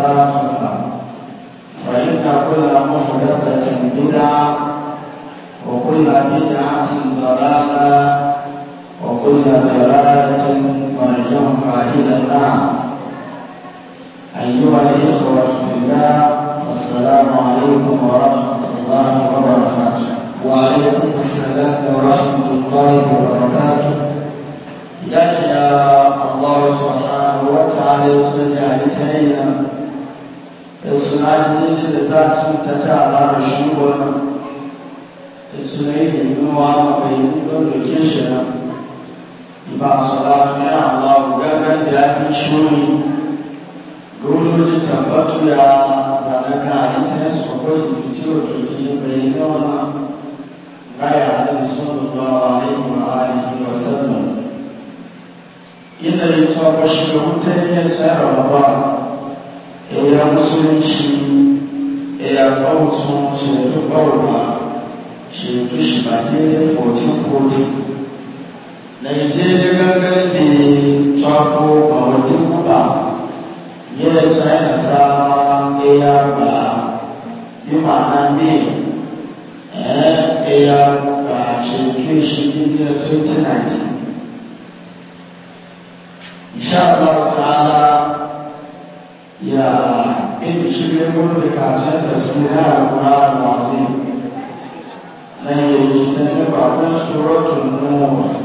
محدثاتها فإن كل محدثة بدعة وكل بدعة ضلالة وكل ضلالة مرجعها إلى النار أيها الإخوة في السلام عليكم ورحمة الله وبركاته وعليكم السلام ورحمة الله وبركاته يحيى الله سبحانه وتعالى يصلي على Esnadi da za su ta tara da shugaban Esnai da yiwuwa ma bai yi don dokin shi nan. Ba su lafi na Allah gangan da ya fi shuri. Gauloji tabbatu ya zanaka a ita su kwaji bidiyo doki bai sallallahu alaihi wa alihi wa sallam. Ina yi tawashi da mutane ya tsara 也要身心，也要保存学佛宝嘛，是不是把这些佛经破除？那这个跟你抓住佛经吧，也才能啥也要把，你马上的，哎，也要把是最实际的最自然的。insha Allah ta'ala ya in shirye mun da karshen tafsirin al-Qur'an al-Azim nan yayi na taba da suratul nur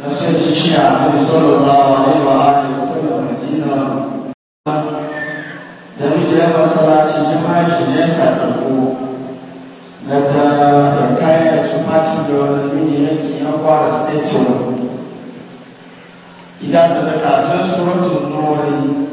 na sai shi ya ne sallallahu alaihi wa alihi wasallam madina da mu da masallaci jama'a shi ne sadako na da da kayan su fati da wani mini yake ya fara sai idan da karshen suratul nur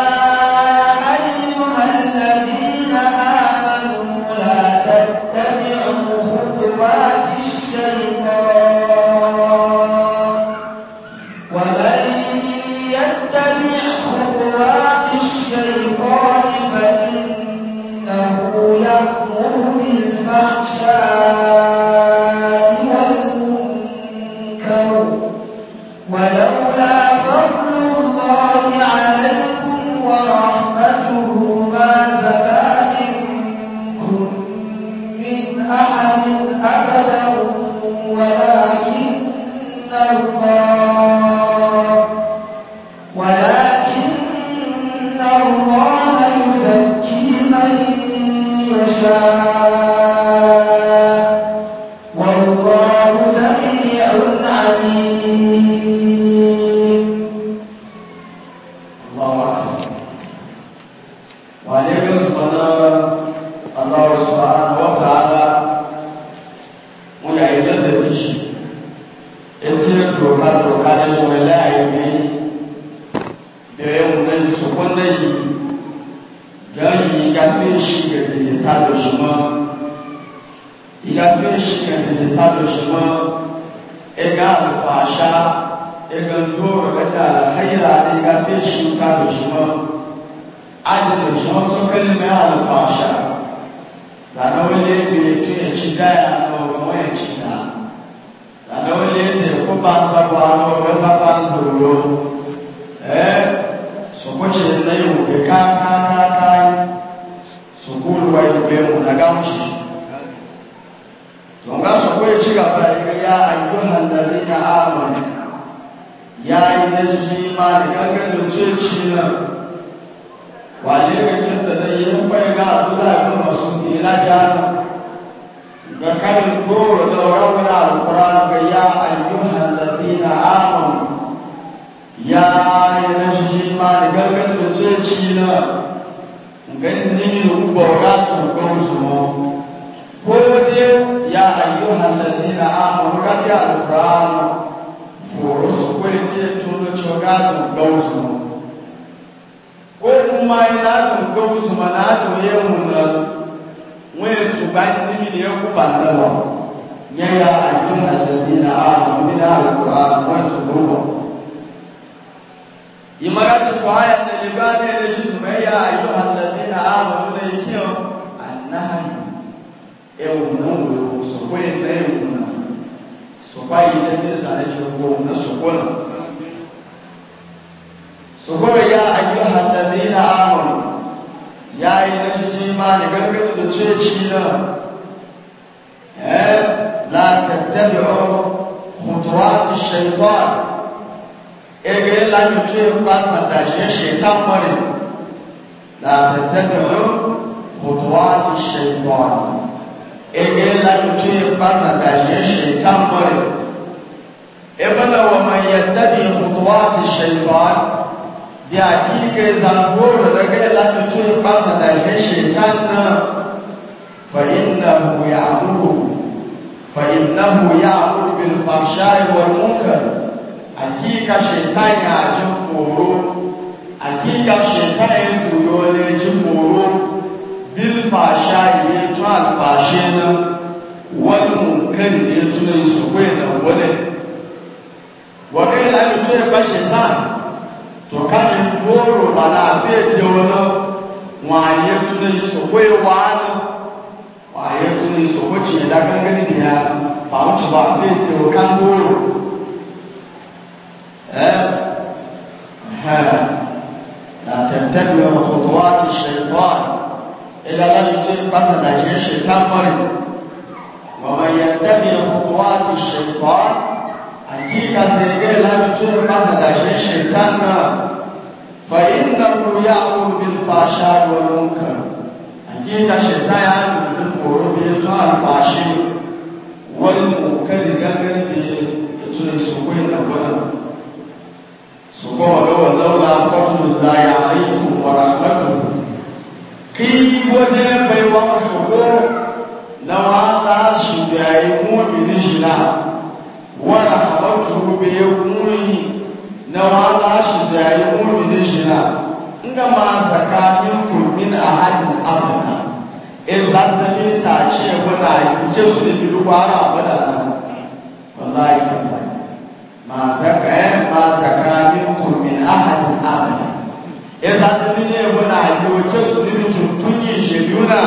الذي واتبعوا خطوات الشيطان اجي لا تطيعوا قصد الشيطان مريم لا تتبعوا خطوات الشيطان اجي لا تطيعوا قصد الشيطان مريم ابن ومن يتبع خطوات الشيطان بحقيقة زنبور رجل لا تطيعوا قصد الشيطان فإنه يعمر فإنه يأمر بالفحشاء والمنكر أكيك شيطان يعجب فورو أكيك شيطان يزول يجب فورو بالفحشاء يجب الفحشين والمنكر يجب يسوين ولد وغير أن يجب شيطان تكامل دور ولا بيت ولا وعن يجب يسوين وعنه a yi tuni su kwaci ya dagan gani da ya ba wuce ba a fiye taimakon goro na tattabi wa kutuwati shaitan ila lalita bata da shi shaitan mari wa mai yattabi wa kutuwati shaitan hakika sai ga lalita bata da shi shaitan na fa innahu ya'muru bil fashari wal munkar inda shaita ya rubuta koro bai kara fashe wani kokari gangan da ya tuna su kwai da wani su kowa ga wannan lafafin da ya aiki wa rahmatu kai wani bai wa shugo na wata shi da ya yi mumini shi na wani hamatu bai ya muni na wata shi da ya yi mumini shi na inda ma tsakanin kuma ahadin abada in za ta ne ta ce wala yi ke su ne duk wara abada na wallahi tallahi ma zaka ma zaka min kun min ahadin abada in za ta ne wala yi ke su ne tuntunyi sheduna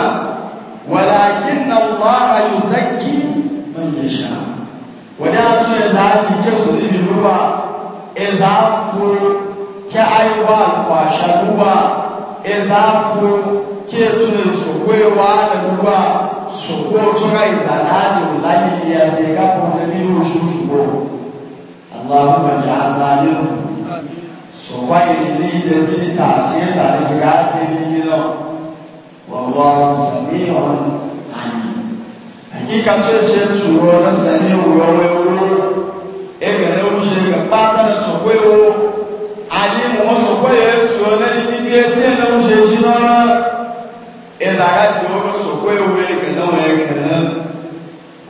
walakin Allah yuzakki man yasha wada su ne za ta ke su ne duk wara in za ku ke aiwa kwasharuwa ẹ̀dá fún kí ètò ìṣòwò ìwà àdàlúwà ṣòwò tóra ìdàláàdì láyé ilé àti ẹ̀ka fún ẹbí oṣooṣù wọ̀ aláwọ̀ ọjà àlàyé ṣọ̀wá ìdílé ilẹ̀ mílítà àti ẹ̀dà ìfìgá àti ẹ̀mí lọ wọ̀wọ̀ sàmì àyè àyíká tó ṣe tù ọ lọ́sẹ̀ ní òwúrọ̀ wẹ́wúrọ̀ ẹ̀gẹ̀rẹ́ etie na não akyi no ara ɛdaka de wɔ soko ewe kana wɔn kana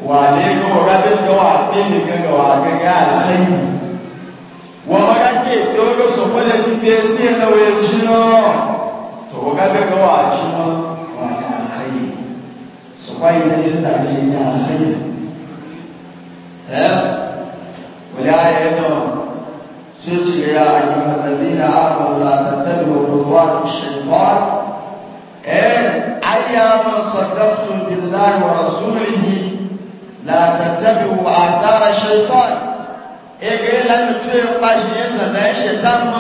wɔade ka não de ka wɔade ne ka ka wɔade ka alaha yi wɔn aka de de que soko na bibi etie na wɔ akyi no to wɔka o ka wɔakyi no wɔade alaha yi soko ayi na yɛ ta akyi na alaha yi ɛ wɔde ayɛ no. تجي يا أيها الذين آمنوا لا تتبعوا خطوات الشيطان أيام صدقتم بالله ورسوله لا تتبعوا آثار الشيطان إجري لم تيقوا جيزا الشيطان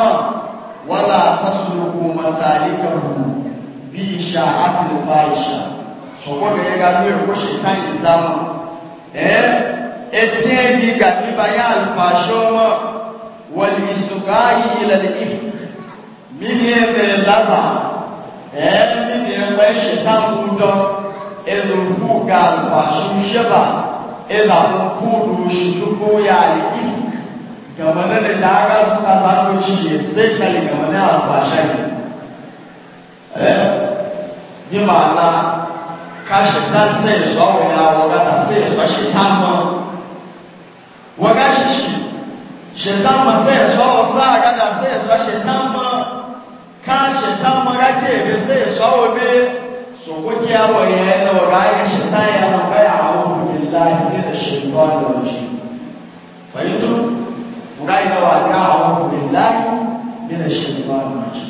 ولا تسلكوا مسالكه بإشاعة الفاحشة sọgbọn yẹn ga lóye kó ṣètàn ìzámọ ẹ etí ẹbí gàdúbà yá àlùfáà ṣọwọ. والإسقاء إلى الإفك من يبلغ من يبقى شيطان قدر إذا فوق الفاشوشبا إذا فوق الشتوكو يعني إفك كما نلقى سنة سنوشي especially كما نلقى الفاشاكي ní màálà káṣíta sí ẹ̀ṣọ́ ọ̀rẹ́ àwọn ọ̀gá sí ẹ̀ṣọ́ ṣe tá mọ́ wọ́n ká ṣíṣì ṣètàn mọ̀ sí ẹ̀ṣọ́ ọ̀sá àgádà sí ẹ̀ṣọ́ ṣètàn mọ̀ ká ṣètàn mọ̀ rájì èdè sí ẹ̀ṣọ́ òbí sòkòjì àwọ̀ yẹn ọ̀rọ̀ ayé ṣètàn yẹn lọ bẹ́ẹ̀ àwọn òbí láì ní ẹ̀ṣẹ̀tọ́ àlọ́jì pẹ̀lú ọ̀rọ̀ ayé wà ká àwọn òbí láì ní ẹ̀ṣẹ̀tọ́ àlọ́jì.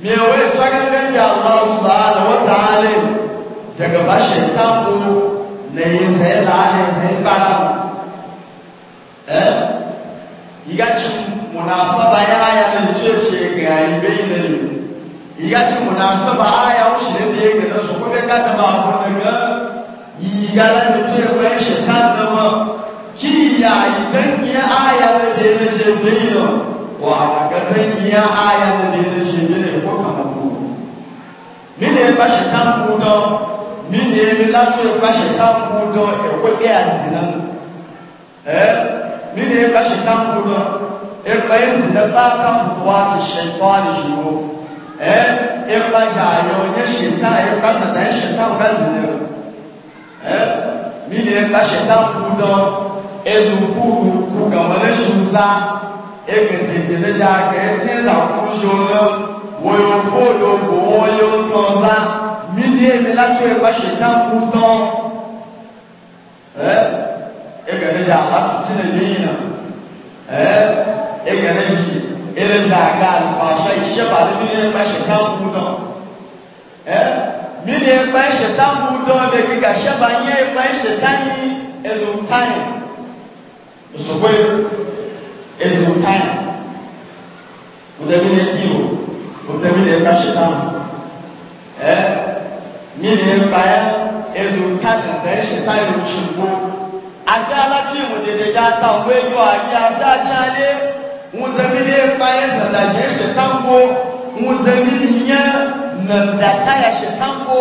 mi ò wé tọ́gẹ́gẹ́ bí àwọn ọ̀sùn àlọ́wọ́ tààlẹ́ daga ba ṣètàn mọ̀ lẹ́yìn sẹ́yìn láàrin sẹ́yìn bá igaci munasaba ya aya na cece ga ibe ne ne igaci munasaba aya o shi ne ga na su ko ga ta ba ko ne ga igala ne ce ko shi ta da ma ki ya idan ya aya da ne ne ce ne yo wa ga ta ya aya da ne ne ce ne ko ka ko ni ne ba shi ta ko do ni ne ne la ce ba shi ta ko do e ko ya zinan eh mini ya kashi tan kudu ya bayan su da ba kan kuwa su shaitan shiwo eh ya ba jayo ya shaitan ya kasa da shaitan ka zira eh mini ya kashi tan kudu ya zufu ku ga wani shusa ya ga jejjere jaka ya ce za ku shoyo wayo fodo ko wayo sọza mini ya mi láti ẹ egane dza alafuti ah, ne yeyina ɛɛ eh, egane dzi ere dza aga alifasa ise ba de eh, mi ne ba se kan bu dɔn ɛɛ mi ne ba se tan bu dɔn de kika se ba nye ba se tan yi ezo tan yi esogo yi ezo tan o de mi ne yi o o de mi ne ba se tan ɛɛ mi ne ba ezo tan yi ba se tan yi tsi gbɔ àti aláti ìmùdèdè ya ta òwe yọ àyè àti àtsálẹ ńdẹ́mílì ẹ̀kpáyé nàdàjẹ́ ṣètàǹkó ńdẹ́mílì yẹn nàdàtàyà ṣètàǹkó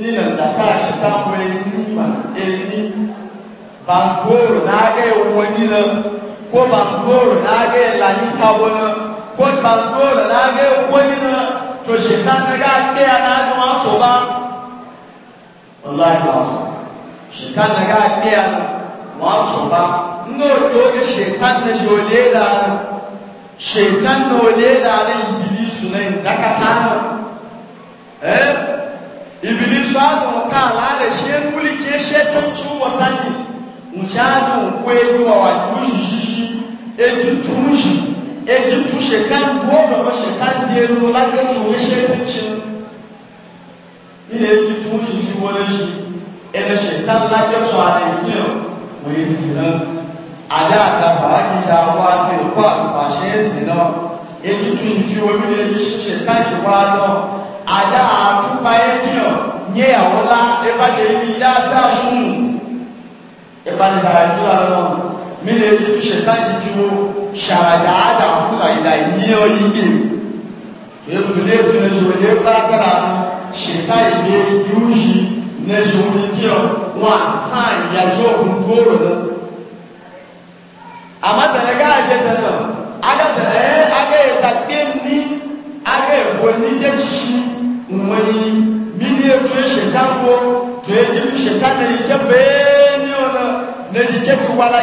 ní nàdàtàyà ṣètàǹkó ẹni mà ẹni bàǹkóró n'agẹ́ wọnyí lẹ kó bàǹkóró n'agẹ́ lànà ìtawọ́ lẹ kó bàǹkóró n'agẹ́ wọnyí lẹ na ṣètàǹkó ẹgbẹ́ àti ẹ̀yà náà ni wọ́n tó bá. wọ́n láyé lọ́sọ̀rọ̀ shekan na ga ɗaya na wa su ba ndo yoga shekan na jole da na shekan na ole da na ibilisu na daga tano eh ibilisu a zama ka ala da shi mulke shekanci watanni mujadu kwelu wa wajushi ejutushi ejutu shekan gobe wa shekan jeru lagar shuwe shekanci ina ejutushi shi wani shi ẹbẹ ṣètàn lájọ sọ àlẹ yìí ọ wòye sí náà àdá àtàbà àkìjà wá sí òkú àtùpàṣẹ sí náà èyí tún ìdí omi ní ẹbí ṣètàn yìí wá náà àdá àtúpa ẹbí ọ nyé àwọn lá ẹbàdé yìí yá dá sùn ẹbàdé bàrà jù àwọn mí ní ẹbí ṣètàn yìí dúró ṣàràdà àdà àkúkà ìlà ìní ọ yìí gbè ètò ilé ìfúnni ìjọba ìdè bá kára ṣètàn ìdè yìí yìí na ṣòwò kí ọ wọn àsán ìyàjọ òkun tó rò lọ. àmọ́ tẹ̀lé ká ṣe tẹ̀lé agbẹ̀tẹ̀lé agbẹ̀yẹta gbé ní agbẹ̀yẹ̀wò ní yẹ́tìṣí wọ̀nyí mílíọ̀ tó yẹ ṣẹ̀dá wọ tó yẹ jẹ́bi ṣẹ̀dá na yìí jẹ́ bẹ́ẹ̀ ní ọ̀nà na yìí jẹ́ fi wàlá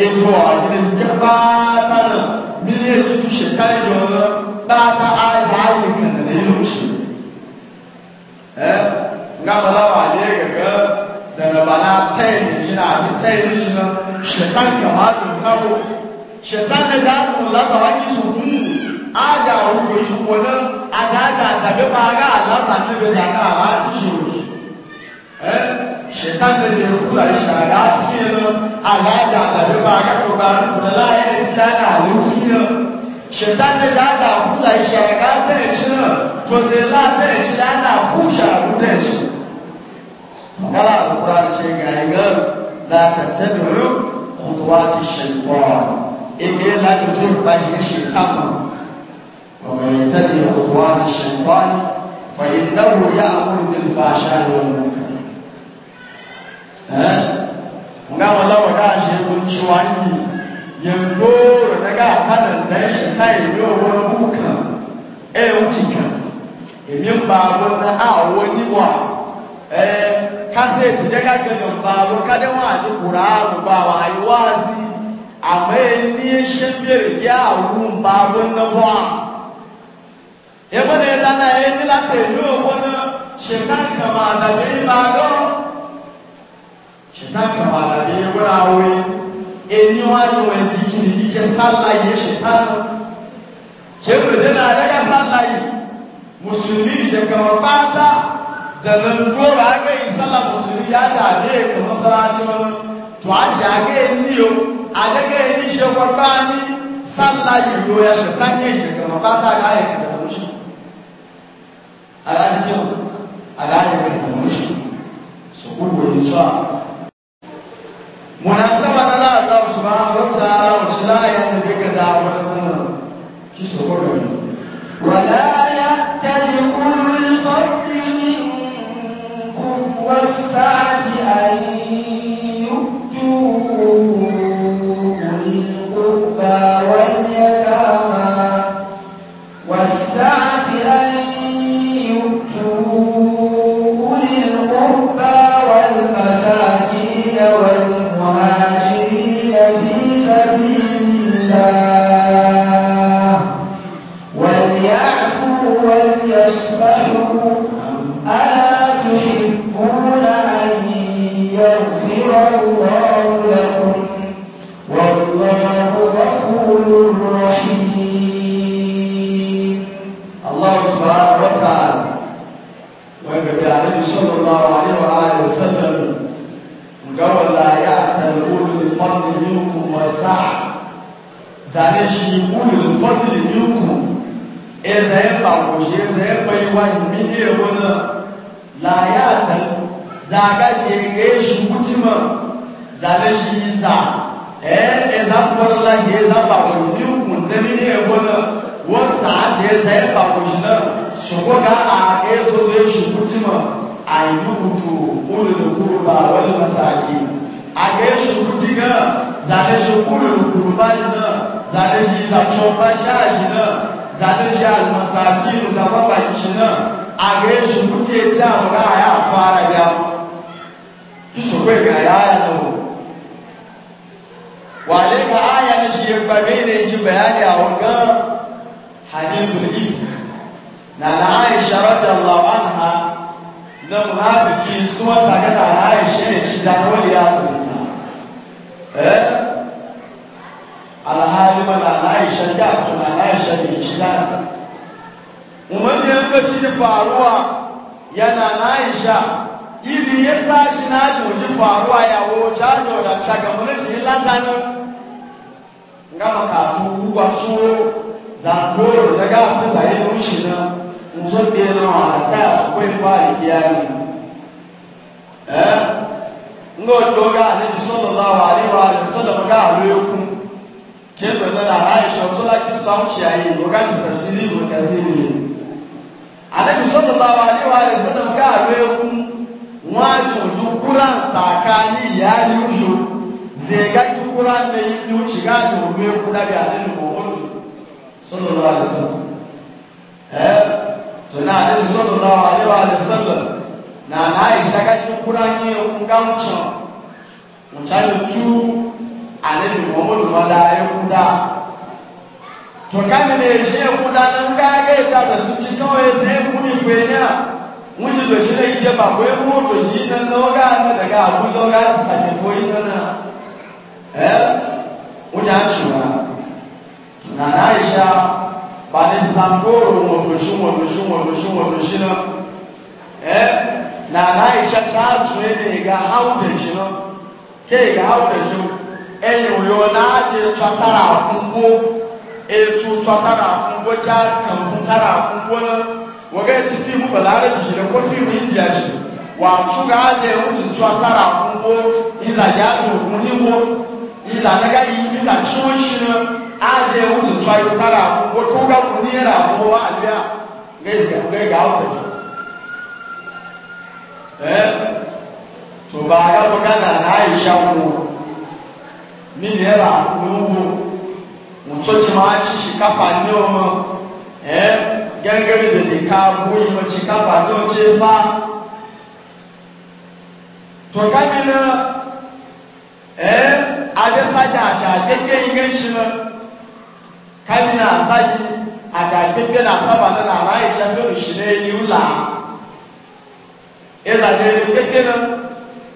ebo adini jẹ baata na mini etutu ṣẹta ẹjọ na baata ayé ayé kàná na yìí ló ṣe ẹ nga bala wa ayé gẹgẹ dana bala tẹyẹ ní ṣe na àti tẹyẹ ní ṣe na ṣẹta kàmá tó sáwọ ṣẹta kẹta àtúntò látara yìí tó kú ayé àwọn gbèsè wọlé ayé ayé àtàgbẹ́ bá a ká àlásà níbi ìdáná àwọn àti ṣe òkè ẹ shaitan da ke kula da shara fiye na alada da riba ka to ba da laye da na lufiya shaitan da da da kula da shara ka ta ci na to da la ta ci da na ku shara ta ci kala alquran ce ga ga la tattabi'u khutuwati shaitan idan la ta ji ba shi shaitan wa man yattabi khutuwati shaitan fa innahu ya'muru bil fahsha'i wal munkar nga walawa ga shi kun ci wani yango da ga fadar da shi ta yi yo wani buka e wuce ka emin babu na a wani wa eh ka sai ti daga ganin babu kada wa ji qur'anu ba wa ayi wazi amma ni shebir ya wu babu na wa e mana yana yana la te yo wani shekara kama da bai babu ṣẹ̀tàn kàwà àdàbí wúra orí ẹni wọ́n ní wọ́n ti kí ni bí kẹ́ sálà yìí ṣẹ̀tàn lọ. kéwòn dé náà ẹ̀ka sálà yìí mùsùlùmí ìjẹ̀kẹ̀wọ̀ bá dá dẹ̀rẹ̀ ń gbó rà á gbé ìsálà mùsùlùmí yá dà ní èkó mọ́sálásí wọn tó a jẹ́ àgé ní o àgẹ́gẹ́ ní ṣe wọ́n bá ní sálà yìí ló yẹ ṣẹ̀tàn ní munasaba na la Allah subhanahu wa ta'ala wa shila ya nabi ka da wa kuma ki so ko ne wala ya'tali ulul fadli minkum was-sa'ati an الفضل منكم وسع زاني شيقول الفضل منكم إذا يبقى وشي إذا يبقى يوان من هنا لا يأتل زاكا شيقه شبوتما زاني شيزا إذا قول الله إذا بقى منكم دمين هنا وسعة إذا يبقى وشنا شبوكا آئتو دي شبوتما أيوكتو قول القربى والمساكين àgẹ́ ṣòkútì náà zàlẹ́ṣe kúrò òkúrò báyìí náà zàlẹ́ṣe ìlàṣọ bá ṣáàṣì náà zàlẹ́ṣe àlùmọ̀sàbí ìlùsàbábà ìṣe náà àgẹ́ ṣòkútì etí àwọn àyà àfọ ara ya kí ṣòkó ìgbà yà á lọ. wà lẹ́ka àyà ní ṣe gbàgbé ilé ìjì bẹ̀yàdì àwọn gan hadithu ìlú nana aisha rọ́jà lọ́wọ́ àná na munafiki sun wata gada aisha ne shi da wani ya Eh? alhali mana na aisha jafu na aisha ne cilana umarni yankaci ji faruwa yana na aisha ibi ya sashi na faruwa ya wuce da latanin nga makatu kuwa so zangoro za abubuwa ya rushe na na wata ńgọ́ ìjọba àlejò sọ́nà láwà àríwá àti sọ́nà ọ̀gá àlọ́ ẹkún kí ẹgbẹ̀ náà àìṣà ọ̀tọ́lá kí sáwọ́sì ayé ìwọ̀gá ti tẹ̀ sí ilé ìwọ̀gá sí ilé rẹ̀. àlejò sọ́nà láwà àríwá àti sọ́nà ọ̀gá àlọ́ ẹkún wọ́n á jù ojú kúrà ń tàka ní ìyá ní oṣù zèga kí kúrà ń lẹ́yìn ní oṣù ká àti òwe ẹkún lábẹ́ àlejò kọ̀ọ̀kọ̀ sọ́nà láwà àlejò sọ́nà na na aisha ka ji kura nye nga wucin wucin tu anabi muhammadu mada ya kuda to kan ne ya shi kuda na ga ga ta da zuci kawai sai kuni kwenya wuji da ba ko ya moto shi nan na daga abu da waga su sake koyi nan eh wuja shi na na aisha ba ne san goro mo ko shi mo na eh na aisha ta zuwe ne ga hau da shi no ke ga hau da shi ẹyin yo na adi tọtara akunbo etu tọtara akunbo ja kankun tara akunbo na wọgẹ ti fi mu balare bi ne ko fi mu india shi wa tu ga adi ewu ti tọtara akunbo ya ti ogun niwo ila naga yi ila tí o na adi ewu ti tọtara akunbo tó ga kun ní ẹra a ga ga ga hau da shi to ba ga magana na aisha ko ni ne ra nuwo mutoci ma ci shikafa ne o eh gangare da ne ka boye ma shikafa ne o ce ba na eh adesaja àti àdéké ingilishi na kani na asaji àti àdéké na asaba na na ara aisha fẹ́ràn ṣẹlẹ̀ ni ó là á ẹ̀dà dẹ̀rẹ̀ kékeré náà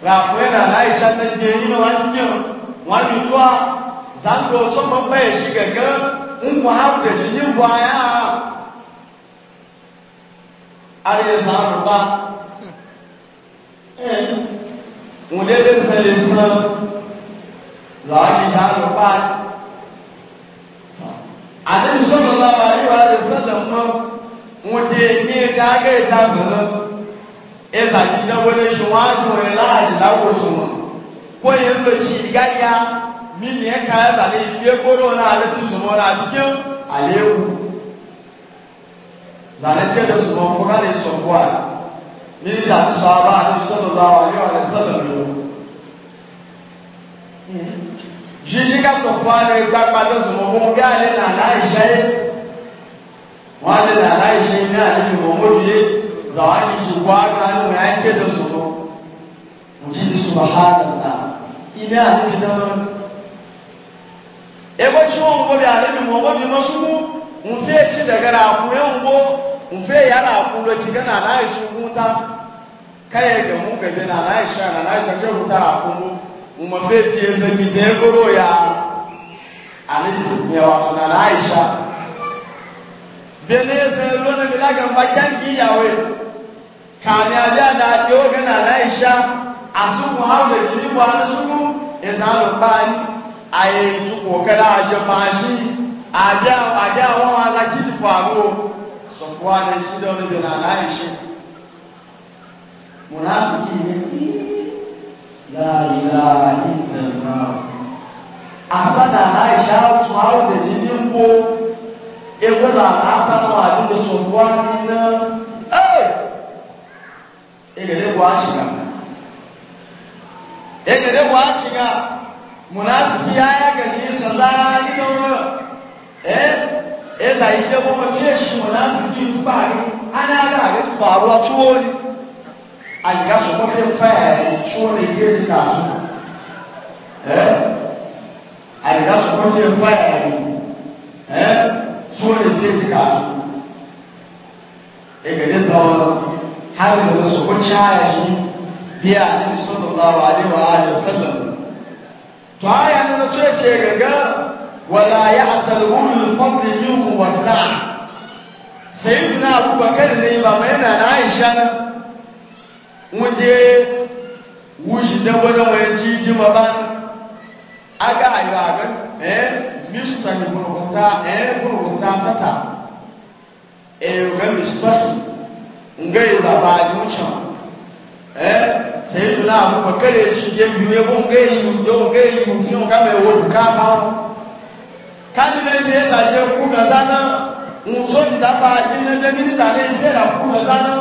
ràpọ̀ ẹ̀dà láìsá tẹ̀lé yín wá yíyọ wọn lù tó a zando sọ́kọ̀ bẹ́ẹ̀ sí kẹ̀kẹ́ ń wà á bẹ̀ sí ní wà á yá. Ayé zàrù bá ẹ̀ ń lé lé sẹ́lẹ̀ sàn lọ́ọ̀dì zàrù bá. Àdébísọ́nù ayé wa lè sẹ́lẹ̀ mọ́ ń dé ní ẹja agé ìta sọ̀rọ̀ ẹ̀sà ti dánwó ní ṣe wọ́n á tún rẹ̀ láàyè láwòsàn wọn. kó yẹn ń lò sí ìgáyà mí ní ẹ̀ka ẹ̀sà ní ìfi ekóró náà lè ti sùn wọn àti kí àléwu. zàlẹ́ kéde sùnmọ́ fúnra lè sọ fún wa ní ìdá sọ abá àti sọ́dọ̀ bá wà yóò rẹ̀ sọ́dọ̀ lò. jíjí ká sọ fún wa ní gbàgbà tó sùnmọ́ fún wọn bí àlẹ́ nàlá ìṣe e yẹn wọ́n á lè nàlá ìṣe yẹn ní àlejò mọ́mọ́dù yẹn zawani zuwa kan na yake da su ko muji subhanallah ina ni da e ba ci won go da ni mo ba ni mo su mu fe ci daga na ku e ngo mu fe ya na ku lo ki kana na su mu ta kai ga mu ga na na sha na na sha ce ku ta ku mu mo fe ci e zan de goro ya ani ne wa na na sha Beleza, eu não me lago, vai ter aqui, Yahweh kàmi ajá da àti oge na aláìṣá àsùnkùn àwọn èjìlí bu alásùnkùn ìdáná báyìí àyè ìtukùn òkèlè àjọ pàṣí àjẹ àjẹ àwọn alákìtì fàrú sọ̀kú àdéjì dọ́nà ìdè na aláìṣá mùnàfíkì ní láìláà ìdàgbà àsádà aláìṣá tún àwọn èjìlí ń bó ewé làlá àtàkùn àdúgbò sọ̀kú àdéjì náà egede bu achiga egede bu achiga munafiki ya ya gaji sallani da wuri eh munafiki su ba ni ana da ga faruwa tuwo ne a ga su ko fe faya ne tuwo ne ke ji ta su eh a ga su ko fe faya ne eh tuwo ne ke ji ta su egede da har da wasu kucaya shi biya annabi sallallahu alaihi wa alihi wasallam to aya na ce ce gaga wala ya'tal ulul fadli minkum wasa sayyidina abubakar ne ba mai na aisha na wuje wushi da wani wani jiji ma ba aga ayo aga eh mishta ni burgunta eh burgunta mata eh ga mishta ngai baba yucha eh sai tuna mu bakare shi je biye ko ngai yo ngai mu shi on kame wo duka ba kan ne je ta je ku ga sana un so da ba ji ne je ni ta ne je da ku ga sana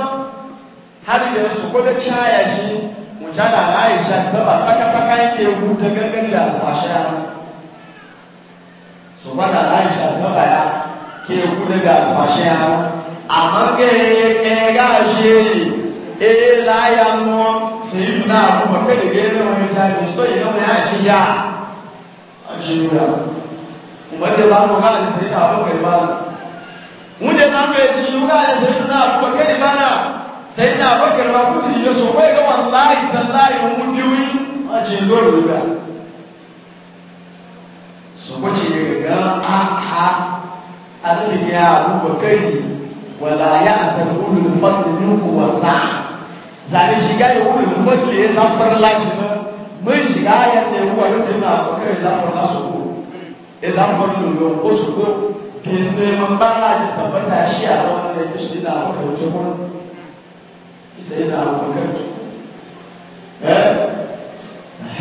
har da su ko da chaya shi mu ta da Aisha ta ba saka saka yake ku ta gangan da alfasha su ba da Aisha ta ba ya ke ku da alfasha àmọ́gẹ́ ẹ̀ẹ́gá ṣe èyí láyà mọ́ sí ìlú náà fún ọ̀kẹ́lẹ̀gẹ́ lẹ́wọ̀n ìjà ìṣọ́ ìnáwó yá ṣe yá àṣírà ìmọ̀dé bá mọ̀ náà ní sí àbúkẹ́ ìbá wọn dé máa ń lọ èjì ìlú náà ṣe ìlú náà fún ọ̀kẹ́ ìbá náà ṣe ìlú náà fún ọ̀kẹ́lẹ̀ bá kú sí ìlú ṣọ̀wọ́ ìlú wọn láì tán láì òun bí wí wọn ṣe lórí ìgbà ṣọ̀wọ́ ṣe gẹ̀gẹ̀ gan-an á ká alẹ́ wala ya asar ulul fadli minku wasa zane shiga da ulul fadli ya zafar lafi mun shiga ya ne huwa ya sai na bakar ya zafar na su ko ya zafar lulu ko su ko ke neman bana da tabbata shi a ranar da ya shi na bakar ta kuma isa ya na bakar ta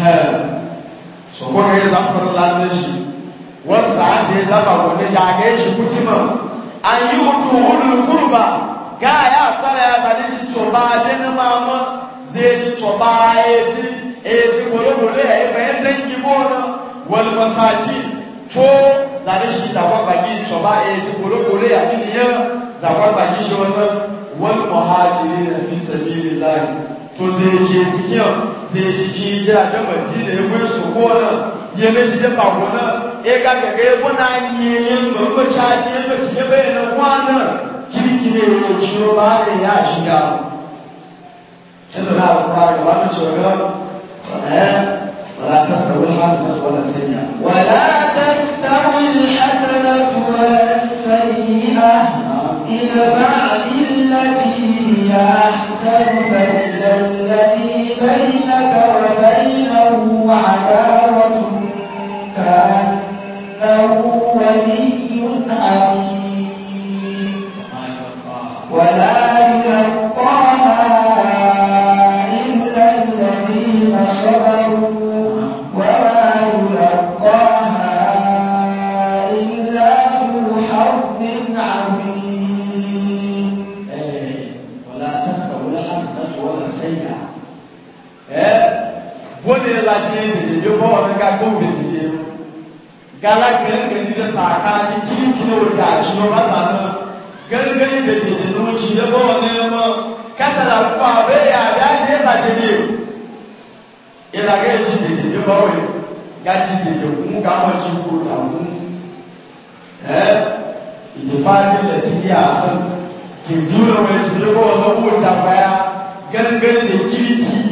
eh so ko ya zafar lafi shi wasa ce zaba wanda jage an yi hutu hulun kurba ga ya tsara ya zane shi coba jini mama zai ji coba ya ji ya ji kore-kore ya yi bayan dangi bona wal masaki co zane shi zagon baki coba ya ji kore-kore ya ji ya zagon baki shi wannan wal muhajiri na fi sabili lahi to zai shi cikin zai shi jiragen madina ya gwai su kona ya mai shi da bakona ega gaga ebo na anyi yin ba ko chaji yin ba tiye ba yana kwana kirki ne ne ciwo ba ne ya shiga tana na alƙura ga wani cewa eh ولا تستوي الحسنة ولا السيئة ولا تستوي الحسنة ولا السيئة ادفع بالتي هي أحسن فإذا الذي بينك وبينه عداوة كأنه إنه ولي حميد ولا يلقاها إلا الذين صبروا وما يلقاها إلا ذو حظ عظيم ولا تستوي الحسنة ولا السيئة. Bólé láti ènìyàn yóò bọ́ ọ̀rẹ́ ká gómìnà kala gangan da tsakani kirkin wata a cikin wata nan gangan da ke da nuci ya ba wani yamma kata da kuma bai ya ya shi ya zage ne ya zage ya ci da ke ba wai ya ci da ke kuma ga wani ciko da mu eh ita fadin da ci ya san ti jura wani ci ya ba wani wata baya gangan da kirki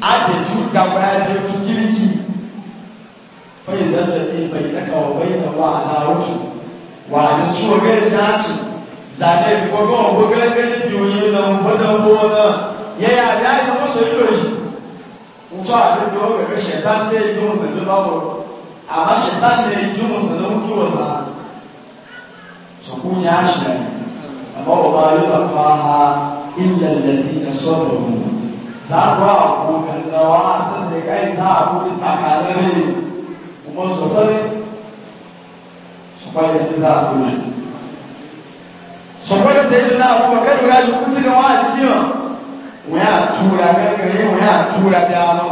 a da juta baya da kirki فإذا الذي بينك وبين وعداوته وعدته وجاته زاني فوقه وجاته يوينا وبدونا يا يا يا يا مسلمي وصار اليوم الشيطان ده يجوز البابور أما الشيطان ده يجوز الوجوز سكون عشرة أما وما يلقاها إلا الذين صبروا زعوا أبوك النواصل لكي تعبوا تحالي kuma sosai su kwaye da za a kuma sọgbọ́n tẹ̀ ẹ́ náà fún ọ̀kẹ́ lóra ṣe kúti ni wọ́n á ti bí wọn wọ́n yà túra kẹ́kẹ́ yẹn wọ́n yà túra bí a lọ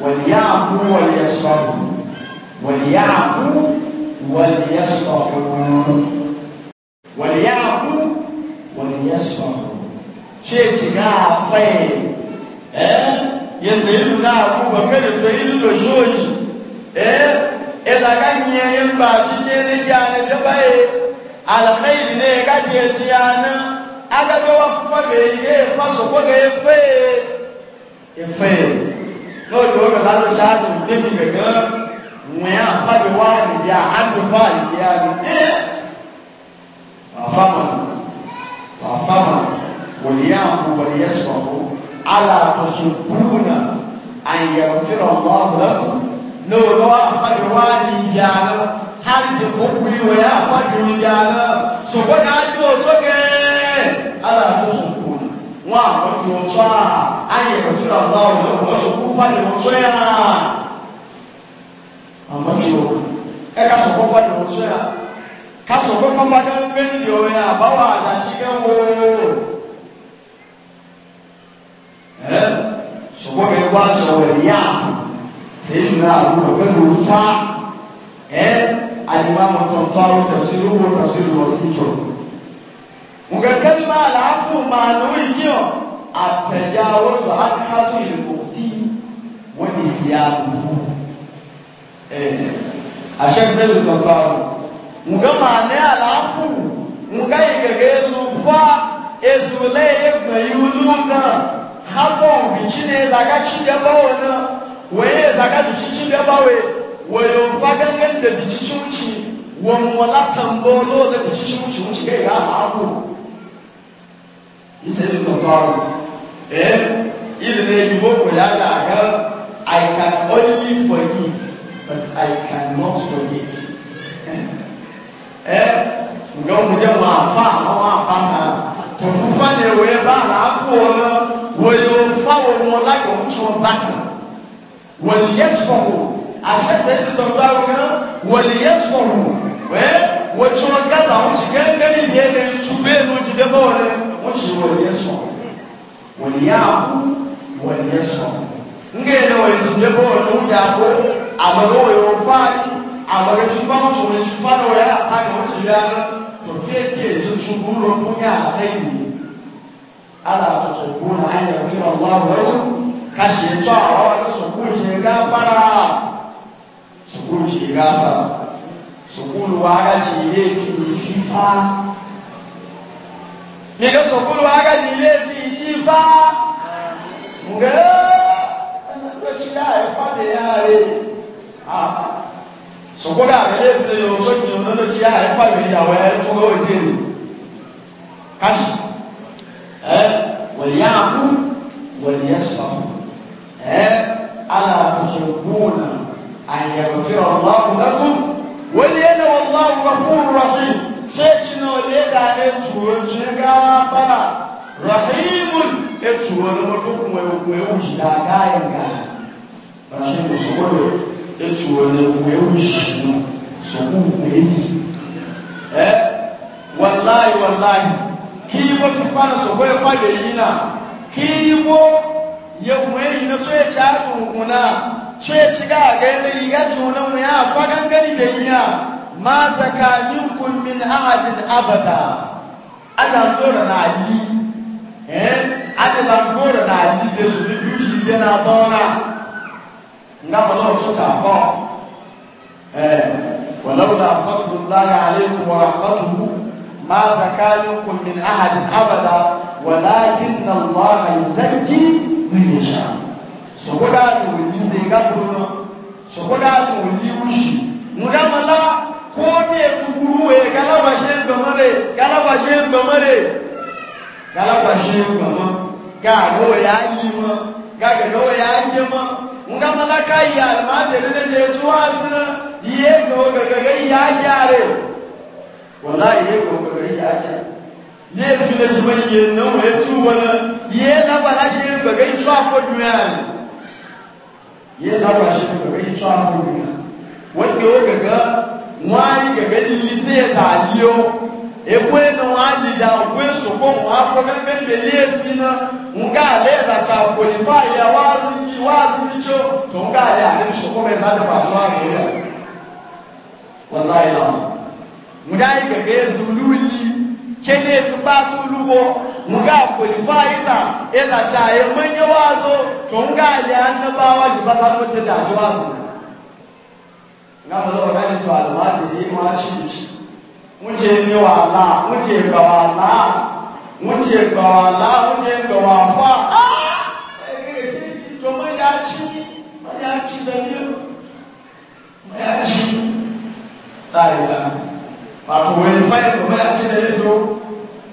wọ́n yà fún wọ́n yẹ sọ̀rọ̀ wọ́n yà fún wọ́n yẹ sọ̀rọ̀ wọ́n yà fún wọ́n yẹ sọ̀rọ̀ ṣé ti ká fẹ́ ẹ́ yẹ sẹ́yìn náà fún ọ̀kẹ́ lóra ṣe eh ila kan yayin ba shi ne ne ya ne da bai alkhairi ne ga je tiyana aga ga wa fa be ye fa so ko ga fe e fe no do ga la lo sha du ne mi ga mu ya fa be wa ni ya an do fa ni ya ni eh wa fa ma wa fa ma waliyahu waliyasfahu ala tusubbuna an yaghfira Allah lakum na olówó àfáàjò wá ní ìyá lọ hali ní kókùlì wọ yá àfáàjò ní ìyá lọ sọgbọn ní adé òtó gẹẹ aláàbò òkú wọn àwọn tó ń tọ́ a ayé ìrọ̀tún àbá òjò wọn sọkú pàdé wọn tó yà àmọ́ tó ẹ ká sọkú pàdé wọn tó yà ká sọkú pàdé wọn tó yà àbáwọ̀ àdàtì kẹ́wọ́ sọgbọn mi wá sọ̀rọ̀ ìyá àfọ. سيدنا أبو بكر وفاء الإمام الطنطاوي تفسيره وتفسير الوسيط وكلمة العفو معنوي التجاوز عن حد المؤتي ونسيانه الشيخ زيد الطنطاوي وكما العفو وكيف fa ezule egbe iwu n'ụka hapụ obi chineke aga chidebe onye wòye zaka bìtìtì bẹ bá wòye wòye òfa gángan dè bìtìtì wùtì wọn wọlá tàǹbọ lóòdè bìtìtì wùtì wùtì kẹ yà á kú ìsè ní tọ̀tọ̀ rẹ ẹ ìdílé ìbò kò yà dà gẹ I can only forgive but I can not forget eh? ẹ nga wọn jẹ wọn afa àwọn afa ha tọfufa ni wòye bá àlàáfọ wọn wòye òfa wọn wọn láyọ wọn tí wọn وليكفروا عشان سيدنا تنبعوا كان وليكفروا وشون كذا هم شكان كان يدين شبين وجدبور مش وليكفروا وليعفوا وليكفروا ngene wejidebor nudako amalowo yofani amalofipano sonefipano ya apani otilana tokieke ezosubulo kunya ataini ala tatokuna an yakira allahu lakum ka shekpa awa sukulu shega bara sukulu shega bara sukulu waga jire fi fifa nika sukulu waga jire fi fifa nga lokaci da ya fada yare a sukulu a gare fi da yau soki yau lokaci da ya fada yawa ya tuga waje ne kashi eh wani ya ku wani ya samu ألا تحبون أن يغفر الله لكم ولينا والله غفور رحيم شيخنا ولينا يتسوون شيخا بلا رحيم يتسوون مدوكم ويوجد أغايا رحيم سوون يتسوون ويوجد سوون ويوجد والله والله كيف تفعل سوون فاجئين كيف yawon na so ya ci haɗin hukuna so ya ci ga ga yana yi gaji wani mu ya kwa gangari da yi ya ma tsakanin kun min ahadin abada ana tsora na yi eh ana ba tsora na yi da su da yuji da na tsora nga ba lo su eh walau la fadlullahi alaikum wa rahmatuhu ما زكى منكم من أحد أبدا ولكن الله يزكي من يشاء سقودا تولي زيغا برونا سقودا تولي وشي مداملا كوني تقولوا غلا وشين بمره غلا وشين بمره غلا وشين بمره غاغو يا يما غاغو يا يما مداملا كاي المادر اللي جوازنا يego gagagai ya gyare wallahi yego gagagai ya gyare ne tuna juma ye na wo etu wona ye la wala she ba ga ye la ba ga itwa fo dunya wanda wo ga ga mwai ga ga ni te ta e ko e no aji da o ko so ko na nga le da cha ko ya wa ni wa ni cho to ya ni so ko me ba da ba wa ni ya wallahi la kene su ba su lugo nga kulifa iza iza wazo to nga ali annabawa ji ba za mu ta da nga ni ma shi shi muje ni wala muje ga wala muje ga wala muje ga wafa ah to mu ya ci mu ya ci da ni mu ya ci ta ila ba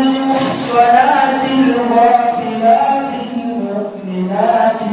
المحصنات الغافلات المؤمنات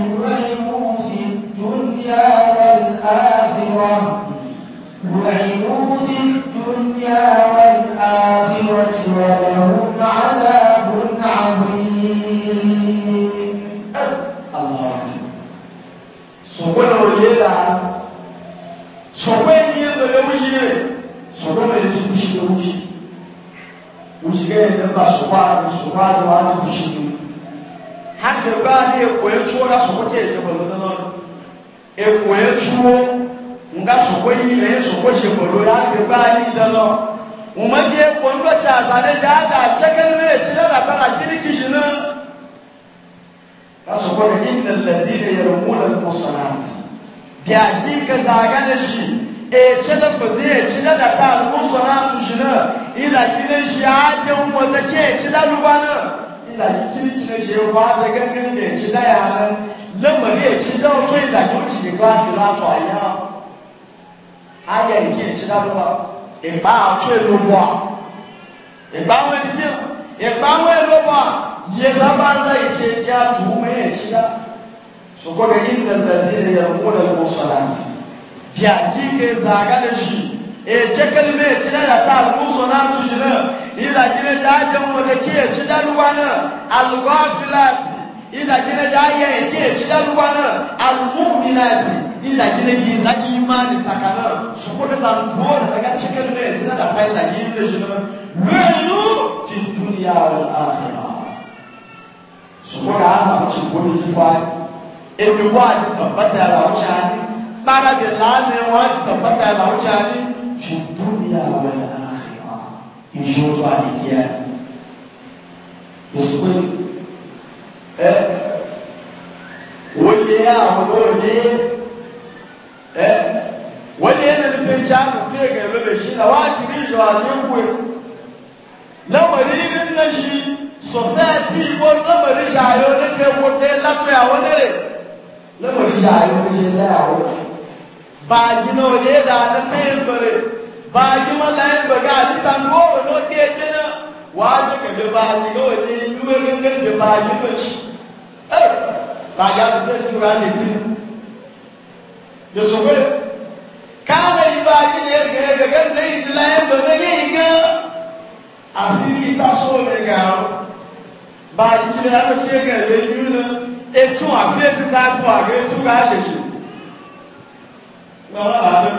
atọ ya ayẹ nke ekyir adọba ịgba atọ elobo a ịgba ahụ ebi ịgba ahụ elobo a yie baba nza ekyir ekyir atọ ụmụ ya ekyir a sọkọ ga yi ndị ndị ndị ya ụmụ na ụmụ sọrọ ntị bịa yi nke nza aga na echi ekyir na ekyir ya taa ụmụ sọrọ ntị ji na ịza gị na ekyir adị mụ na ìdàgínà jẹ́ ayé ẹ̀kẹ́ ìṣẹ́lúwà náà alùmọ́mìnàtì ìdàgínà jẹ́ ìdájí ìmáàlì tàkà náà ṣùgbọ́nẹ́ta lùdúwọ́ ìdàgá chicken náà ti dàdà pa ìdàgí ilé ṣe náà rẹ̀lú ti dúnìyà àfẹ́mà ṣùgbọ́n àá ṣùgbọ́n ní fífa èmi wà ní tọ̀pẹ́tẹ̀ àlàóṣà ní gbáradì láàmì wà ní tọ̀pẹ́tẹ̀ àlàóṣà ní ti dúnìyà àfẹ́mà ìṣòro àdìgẹ́ ẹ wòye àwọn òye ẹ wòye ẹni pé jáàmù pé ẹgbẹ lóde sí náà wàá ti rí ìjọ àdínkù ẹ lọ́wọ́dé ní ní ṣi sọ̀sẹ́ẹ̀tì ìbò lọ́wọ́dé ṣàyọ léṣe wọlé látọ̀ àwọn lẹ́rẹ̀ lọ́wọ́dé ṣàyọ léṣe lẹ́yàwó báyìí náà yé dáadáa tẹ́yìn bẹ̀rẹ̀ báyìí mọ́ láyé bẹ̀rẹ̀ àti tàbí wọ́n wọ́n lọ́ọ́ wàá dìgbà bẹ bá yìí lọ́wọ́ ní inú ẹgbẹ́ bẹ bá yìí lọ́wọ́ sí ẹ bàjá tó dé tó rà létí yosòwé káàlẹ̀ ìbá yìí lè gẹ̀ gẹ̀gẹ̀ lè yìí lẹ́ bẹ̀rẹ̀ lè gẹ̀ àsìrí ìtasọ̀ rẹ̀ gà ó bá yìí ti lẹ́yìn tó tiẹ̀ gẹ̀ lè etu àfi ètò tá tó àgẹ̀ etu ká ṣèṣe ńlọrọ làbẹ́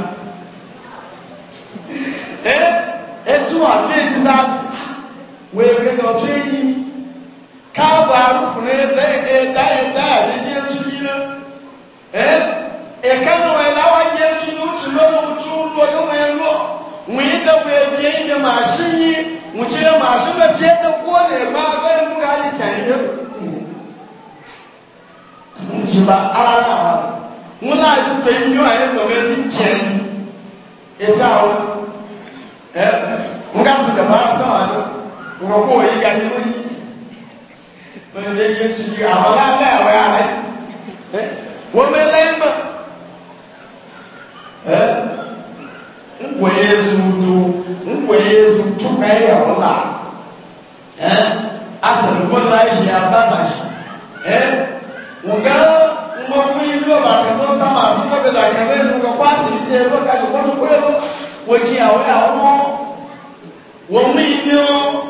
ẹ etu àfi ètò tá wèèrè dọ̀tí yìí káàbọ̀ arúfin ẹ̀dá ẹ̀dá ẹ̀dá àdéjì ẹ̀tú yìí náà ẹ̀ ẹ̀ka náà wọ̀ ẹ̀dá wáyé ẹ̀tú yìí oṣù lọ́wọ́ oṣù lọ́wọ́ yóò wọ̀ ẹ̀ lọ wọ́n yìí dẹ́kun ẹ̀dí ẹ̀yìn ní màṣí yìí wọ́n ti ní màṣí náà ti ẹ̀dá kú ọ̀nà ẹ̀gbá abẹ́rẹ́ mú ká ní kẹ̀yìn ìjìbá ara náà wọn náà ti fẹ́ yín gbogbo òye ya ni wọ́n yí wọ́n lé yé tu yí àwọn lábẹ́ àwẹ̀ àrẹ wọ́n bẹ lẹ́yìn mọ́ ẹ́ nkwèyé zudu nkwèyé zudu kẹ́yẹ̀ ọ̀la ẹ́ asẹ̀lùkọ́ náà yìí àtàtà yìí ẹ́ wùgá ngọ́kú yìí ló bàtà tó tá màá sí kọ́bí làkà bẹ́ẹ̀ ló kọ́ kwásì tí ẹ lọ́ka lè kọ́ ló kọ́ ẹ lọ́ wọ́n jì àwẹ̀ àwọn wọ́n mú yìí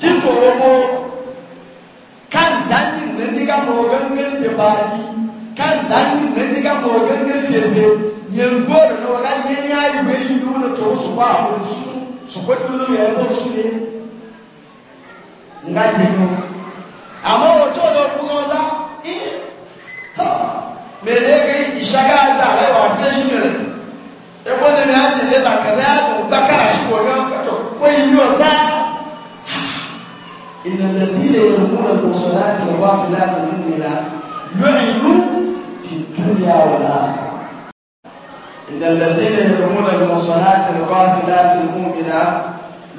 kikoro mo kan dani nani ka mo gangan de baji kan dani nani ka mo gangan de se yanzu da no ga yin yayi bai yi nuna to su ba mu su su ko dole ya yi su ne nga ni mo amma wato da ku ga za eh to me ne ga ishaga da rayuwa e ta shi ne e ko ne ne ya ce da ka ga ko ka shi ko ga ko yi yo za إن الذين يرمون المحصنات والغافلات المؤمنات لعنوا في الدنيا والآخرة إن الذين يرمون المحصنات الغافلات المؤمنات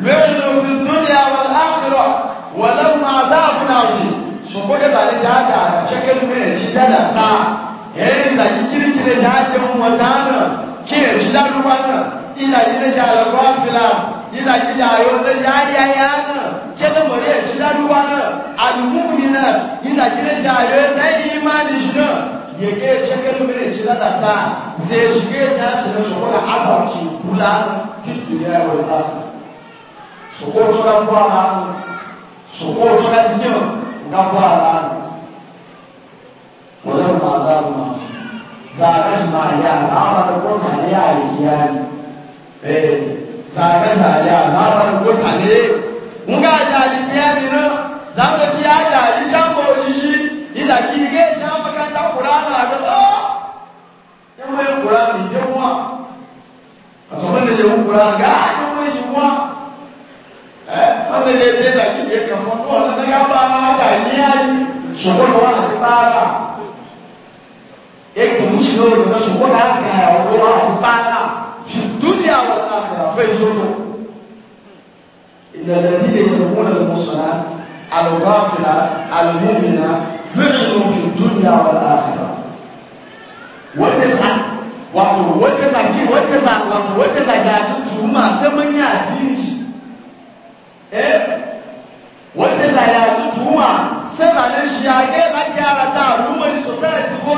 لعنوا في الدنيا والآخرة ولهم عذاب عظيم سبحانه بعد هذا شكل من شدة الطاعة إذا كنت كنت يوم ومتانا كيف شدة الوطن ila yìí lẹ́yìn àlọ́kọ́ àfìlàs ila yìí àyọ̀ lẹ́yìn ayáyá náà kẹ́lẹ́ mọ̀lẹ́ ìṣíláduwa náà àlùmúmi náà ila yìí lẹ́yìn àyọ̀ lẹ́yìn ìmánìṣ náà yèké tsẹ́kẹ́lẹ́ mọ̀lẹ́ ìṣíládàtà zèjìké náà ti lọ sọ̀kọ́ náà àbàkì kúlá kí tìyẹ̀ wọ̀ lá sọ̀kọ́ sọ̀kọ́ bọ̀ àlá sọ̀kọ́ sọ̀kọ́ nyẹ́ nga bọ̀ àlá wọ́n yẹ kó àlá lọ́wọ́ zàrẹ́ màá yá àlá àwọn àlọ́ sare haya zaman gota ne mun ga jari biya ne na za mu ci ya jari can ba shi ida ki ga sha makanta qur'ana ga o yan mai qur'ani ne kuma a kaman da yan qur'ani ga yan mai shi kuma eh wanda ne da ya ki ya kaman wannan ga ba na ga ni ya yi shugo da wannan fara e ko mushi no no shugo da ga wa ba الدنيا والآخرة فيذوقوا إن الذين يتقون المحصنات الغافلة المؤمنة لعنهم في الدنيا والآخرة وتسعة wato wata zaki wata za wato wata zaki juma sai mun yi addini eh wata zaki juma sai ranar shi ya ga ba gyara ta al'ummar society ko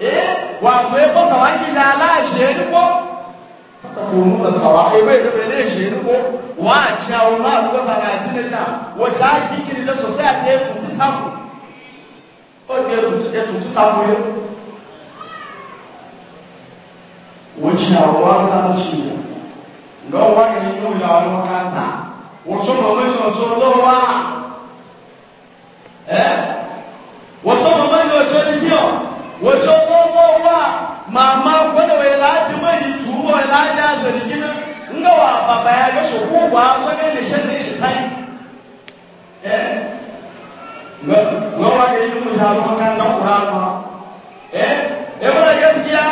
eh wato ya fasa wani lalace ko تقومون الصلاة إبا إذا بليش ينبو واجه الله سبحانه وتعالى وجاء كيكي لنفسه سيئة تسامو ọdún ẹtù tó sáwọlé wọ́n ti àwọn aláṣẹ yẹn lọ́wọ́ wá ní inú ọmọ káńtà wọ́n tún lọ mẹ́jọ tó lọ́wọ́ wá ẹ́ wọ́n tún lọ mẹ́jọ tó lọ́wọ́ wá mama kwada wai laji mai tuwa laja zargin nga wa baba ya ga shoku ba kwaga ne shan ne eh nga wa ga yi mu da mu kan da qur'an eh e bara gaskiya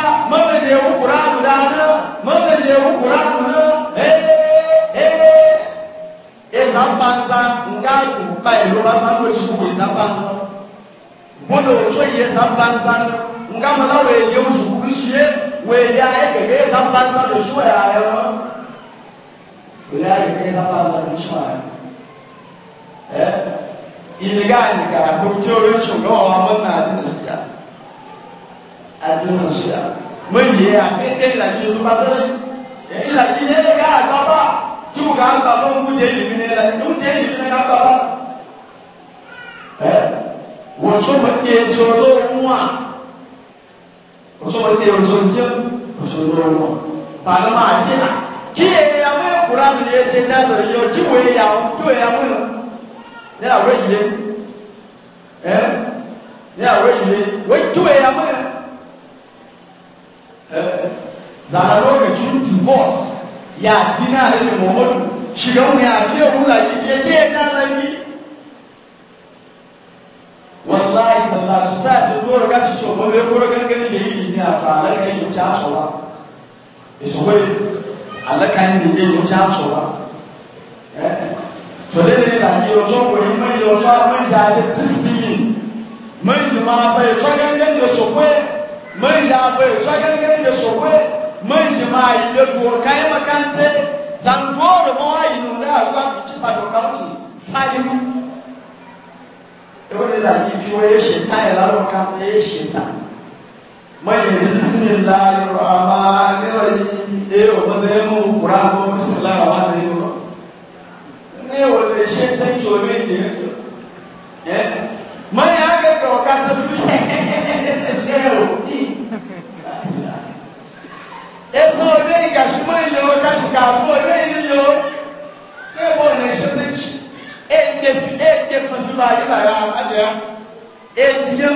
je ku qur'an da je ku na eh eh e eh, na panza nga ku ba e lo ba sa no shi ku nga mana wòye wòzukuru sie wòye ayé kẹkẹ ẹka banza lè sọ yà ayé wọn wòye ayé kẹkẹ ẹka banza lè sọ ayé ẹ ìdíga àyíká tó tí o rìn ṣùgbọ́n wọn mọ nà àdínàṣíà àdínàṣíà mo yẹ akéde ìlàjì tó bá tẹ́lẹ̀ ìlàjì yẹ ká àgbàbà tí mo kà ń gbà fún kúndé ìlú ní ìlàjì tó ń tẹ́ ìlú ní ká gbàbà ẹ wọ́n tún mọ̀ kí ẹ jọ lóhùn wa ọ̀ṣọ́wọ́ ilé ọ̀ṣọ́ jẹ́ ọ̀ṣọ́ lọ́wọ́ tàbí máa jẹ́ à kí ẹ̀yàwó ẹ̀kúrá mi lè ṣe dáàbò yọ kí wọ́n ẹ̀yàwó kí wọ́n ẹ̀yàwó lọ ní àwọ̀ ìyẹ́ ẹ̀ ní àwọ̀ ìyẹ́ wọ́n kí wọ́n ẹ̀yàwó lọ ẹ̀ zanalomi tún divorce yà á dín náà lẹ́nu mọ́mọ́dù ṣìgbọ́n mi àti ẹ̀wúlà yẹ wallahi talla su sa ti lura ga ci cewa bai kura gangan eh? da yi ne a tsarar kan yi ta tsowa isu wai alakan ne yi ta tsowa to dai ne da yi wato ko yi mai wato mai da da tisbiyi mai da ma bai to gangan da su kwai mai da bai to gangan da su kwai mai da ma yi da duwar kayan makante zan dora mawayi nuna a ruwa ci ba dokar ci ta yi dole da ni ciwo ya shita ya lalo ka ya shita mai bismillahir rahmanir rahim eh o ma da mu qur'an ko bismillahir rahmanir rahim ne o le shita ciwo ne ne eh mai aga to ka ta su ne o e ko le ga shi mai yo ka shi ka ko le yo ke bo ne shi edefi edefusu la yi la ya adiɛ edie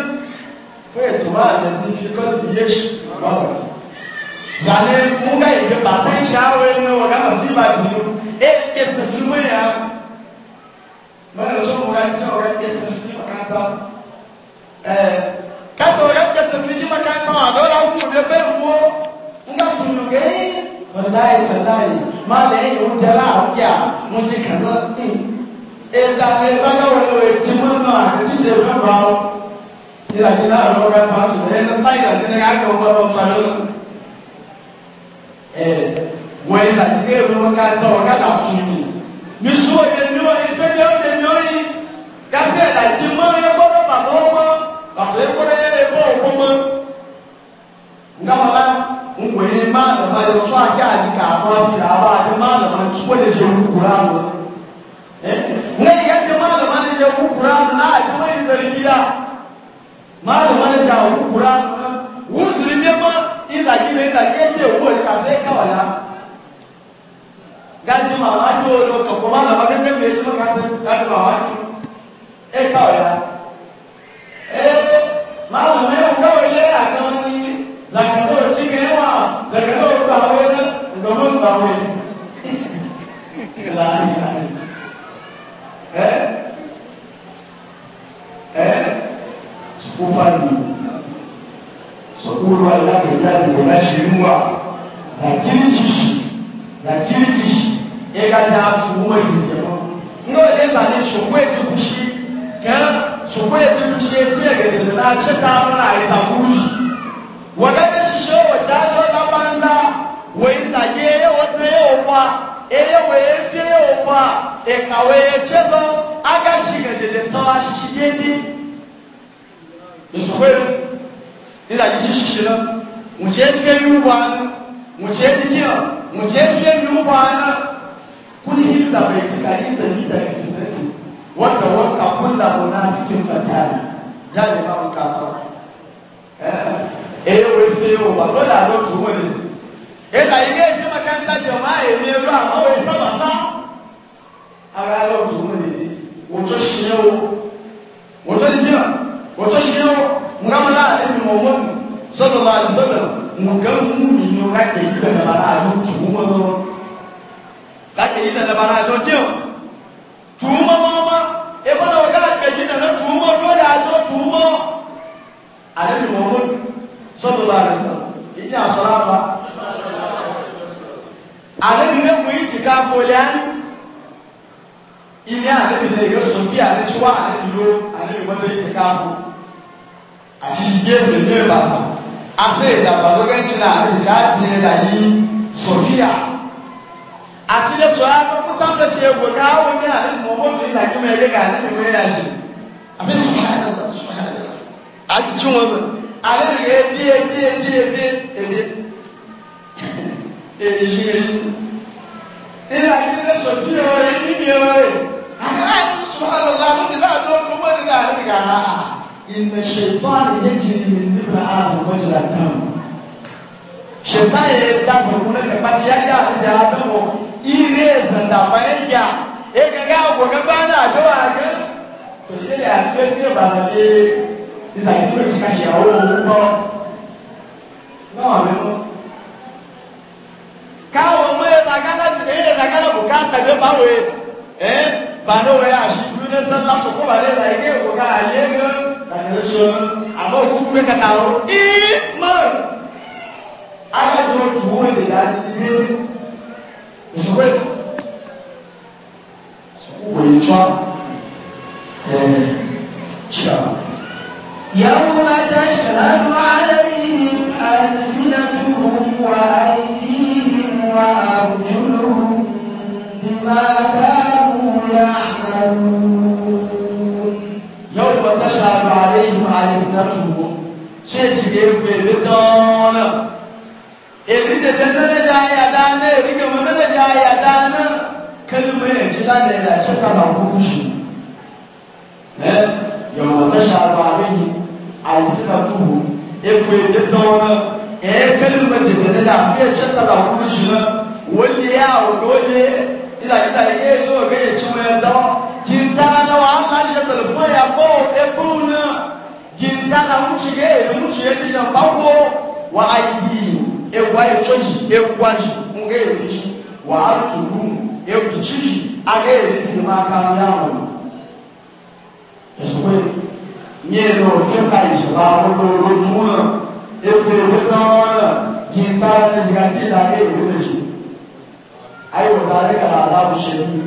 fɛtuma adadifi kɔlu yesu lɔri yanni muga yi ke bata esi awo yi ne wɔ kama si ba di nu edefusu mu ya mɛlɛ so muga yi ne wɔ ka edefusu ma ka ta ɛɛ kati wɔ ka edefusu ma ka ta wa dɔw la ŋun de bɛ wo ẹ̀ta ni ẹ̀ta káwọn ẹ̀rọ ètí mọ́nà àtẹ̀jíṣe mẹ́fà ọ́ ìlàjì náà lọ rẹ bá sùn ẹ̀ ẹ̀ta ìlàjì náà kàkẹ́ ọgbà lọ sàrẹ́ lọ. ẹ̀ wọ́n ìlàjì náà ẹ̀rọ ká tọ̀ káta tù mí. mi sún òye ní òye fẹ́lẹ́ òye ní òye gàtẹ́ ìlàjì mọ́ ẹ gbọ́dọ̀ bàbá ọmọ bàbá ẹ gbọ́dọ̀ yẹ ẹ bọ́ òkú mọ́. ngáwàlá ń wòye má lọ́ba yọ gida malama na jawo kura wuzuri ne ma ina gina ina kete wo ka sai kawala gaji ma wa jo lo ka ko malama ga kan me ji maka sai gaji ma wa e kawala e malama ne ko le ẹ́ sùpúfàdì sọ̀kúrú aláṣẹjá ìgbòlá ṣìlúwà làkìrí kìṣì làkìrí kìṣì ẹ̀ka tí a tún wọ́n ìṣẹ̀ṣẹ̀ mọ́. ní òye ìlànà ìṣòwò ètò ìṣe kẹ́ ṣòwò ètò ìṣe tí ẹ̀gẹ̀dẹ̀ náà ṣe ta mọ́ra ìtàkùrú yìí. wọ́n gẹ́gẹ́ ṣiṣẹ́ ọ̀já lọ́dá máa ń dá wọ́n ìtàgé ẹ̀yẹ́wọ́ tó yẹ elewe efie ụwa ịkawe echebe agachigedede tọwa shiye ni nzukwelu nila ji shishira muce fiye ni ụwa anụ muce dikiya muce fiye ni ụwa anụ kuni hilda bai tika iza ni da kizati wanda wanda kunda muna cikin fatari ya ne ma wuka sau eh, elewe fiye ụwa lọla lọtụ wani Ela aí é chama que está de amar, ele é lá, não é só passar. Agora ela usa uma de outro chinelo. Outro dia, outro chinelo, um gamalá, ele não manda. Só do lado, só do um gaminho, vai ter ido na barragem, tuma, não. Vai ter ido na barragem, tio. Tuma, mama. Eu vou na hora que a gente não tuma, olha, não tuma. Aí ele não manda. Só do lado, só do ìjẹ́ àṣọ́lápa àdébìlẹ̀ mú ìtìká fòlẹ́ánì ilé àdébìlẹ̀ yóò sọ bí àdébìwá àdébìlò àdébìwọ́n lè ìtìká fún àti ìgbé ìrìnlẹ̀ ìbàṣà afẹ́ ìdàgbàsókè ń ṣẹlẹ̀ àdébìlẹ̀ àti ẹ̀dà yìí sọ̀fíà àti ilé sọ̀rọ̀ àdókùn sáńtọ̀ ṣe ègbò káwọn ní àdébìlẹ̀ mọ̀mọ́bìnrin làgbìmọ̀ ẹ̀gẹ́gà àdébìlẹ̀ àjù àbí ale de ke ebi ebi ebi ebi ebi ebi si ebi ilé ayé lè sọ bí ọ rẹ ní bí ọ rẹ àgbà tó sọ ọ lọ àti bá tó tó wọ́n ní ká àti ká ha ìmọ̀ ṣètọ́ àyè jì ní nípa àwọn ọmọdé àtàwọn ṣètọ́ àyè dàgbọ̀ wọn lẹ́nu pàṣẹ ayé àti àbẹ̀wò ilé ìzàndà fàyẹ̀yà èkèké àwòkẹ́ bá náà àjọ àgbẹ̀ tòṣèlè àgbẹ̀ ní ìbàdàn yìí desafio de caixão ou não. Não, meu Kawo mo ye dagala ye dagala bukata be bawo ye. Eh? Bano we ashiru ne san la soko ba le la ye ko ka ye ke da ne so. Abo ku pe kata o. I man. Ala jo tuwo de la ni. Suwe. Suwe chwa. Eh. Chwa. يوم تشهد عليهم ألسنتهم وأيديهم وأرجلهم بما كانوا يعملون يوم تشهد عليهم ألسنتهم شيء جديد بالدون Ebi da tattalin da ya dana, ebi ga mana da ya dana, kalmar yanci da ya alsinatuhu ekwe da tawana eh kalma la da fiye la da kuma jina wani ya wani ila ila ya zo ga ya ci mai dawa gintana na wa Allah ya talfa ya ko e buna gintana mu ci ga e mu ci ya ci jan bako wa ayi e wa e choji e wa ji mu ga wa arjuru e ku ci a ga e ji ma ka ya mu eswe nyeno kemba ìṣọ̀lá olóró túnà ètò ìwé náà rẹ̀ kí n bá ẹni ṣìkà tí ìdáké ìwé lè ṣe ayọ̀dá àríkàlà aláwọ̀ ṣe ní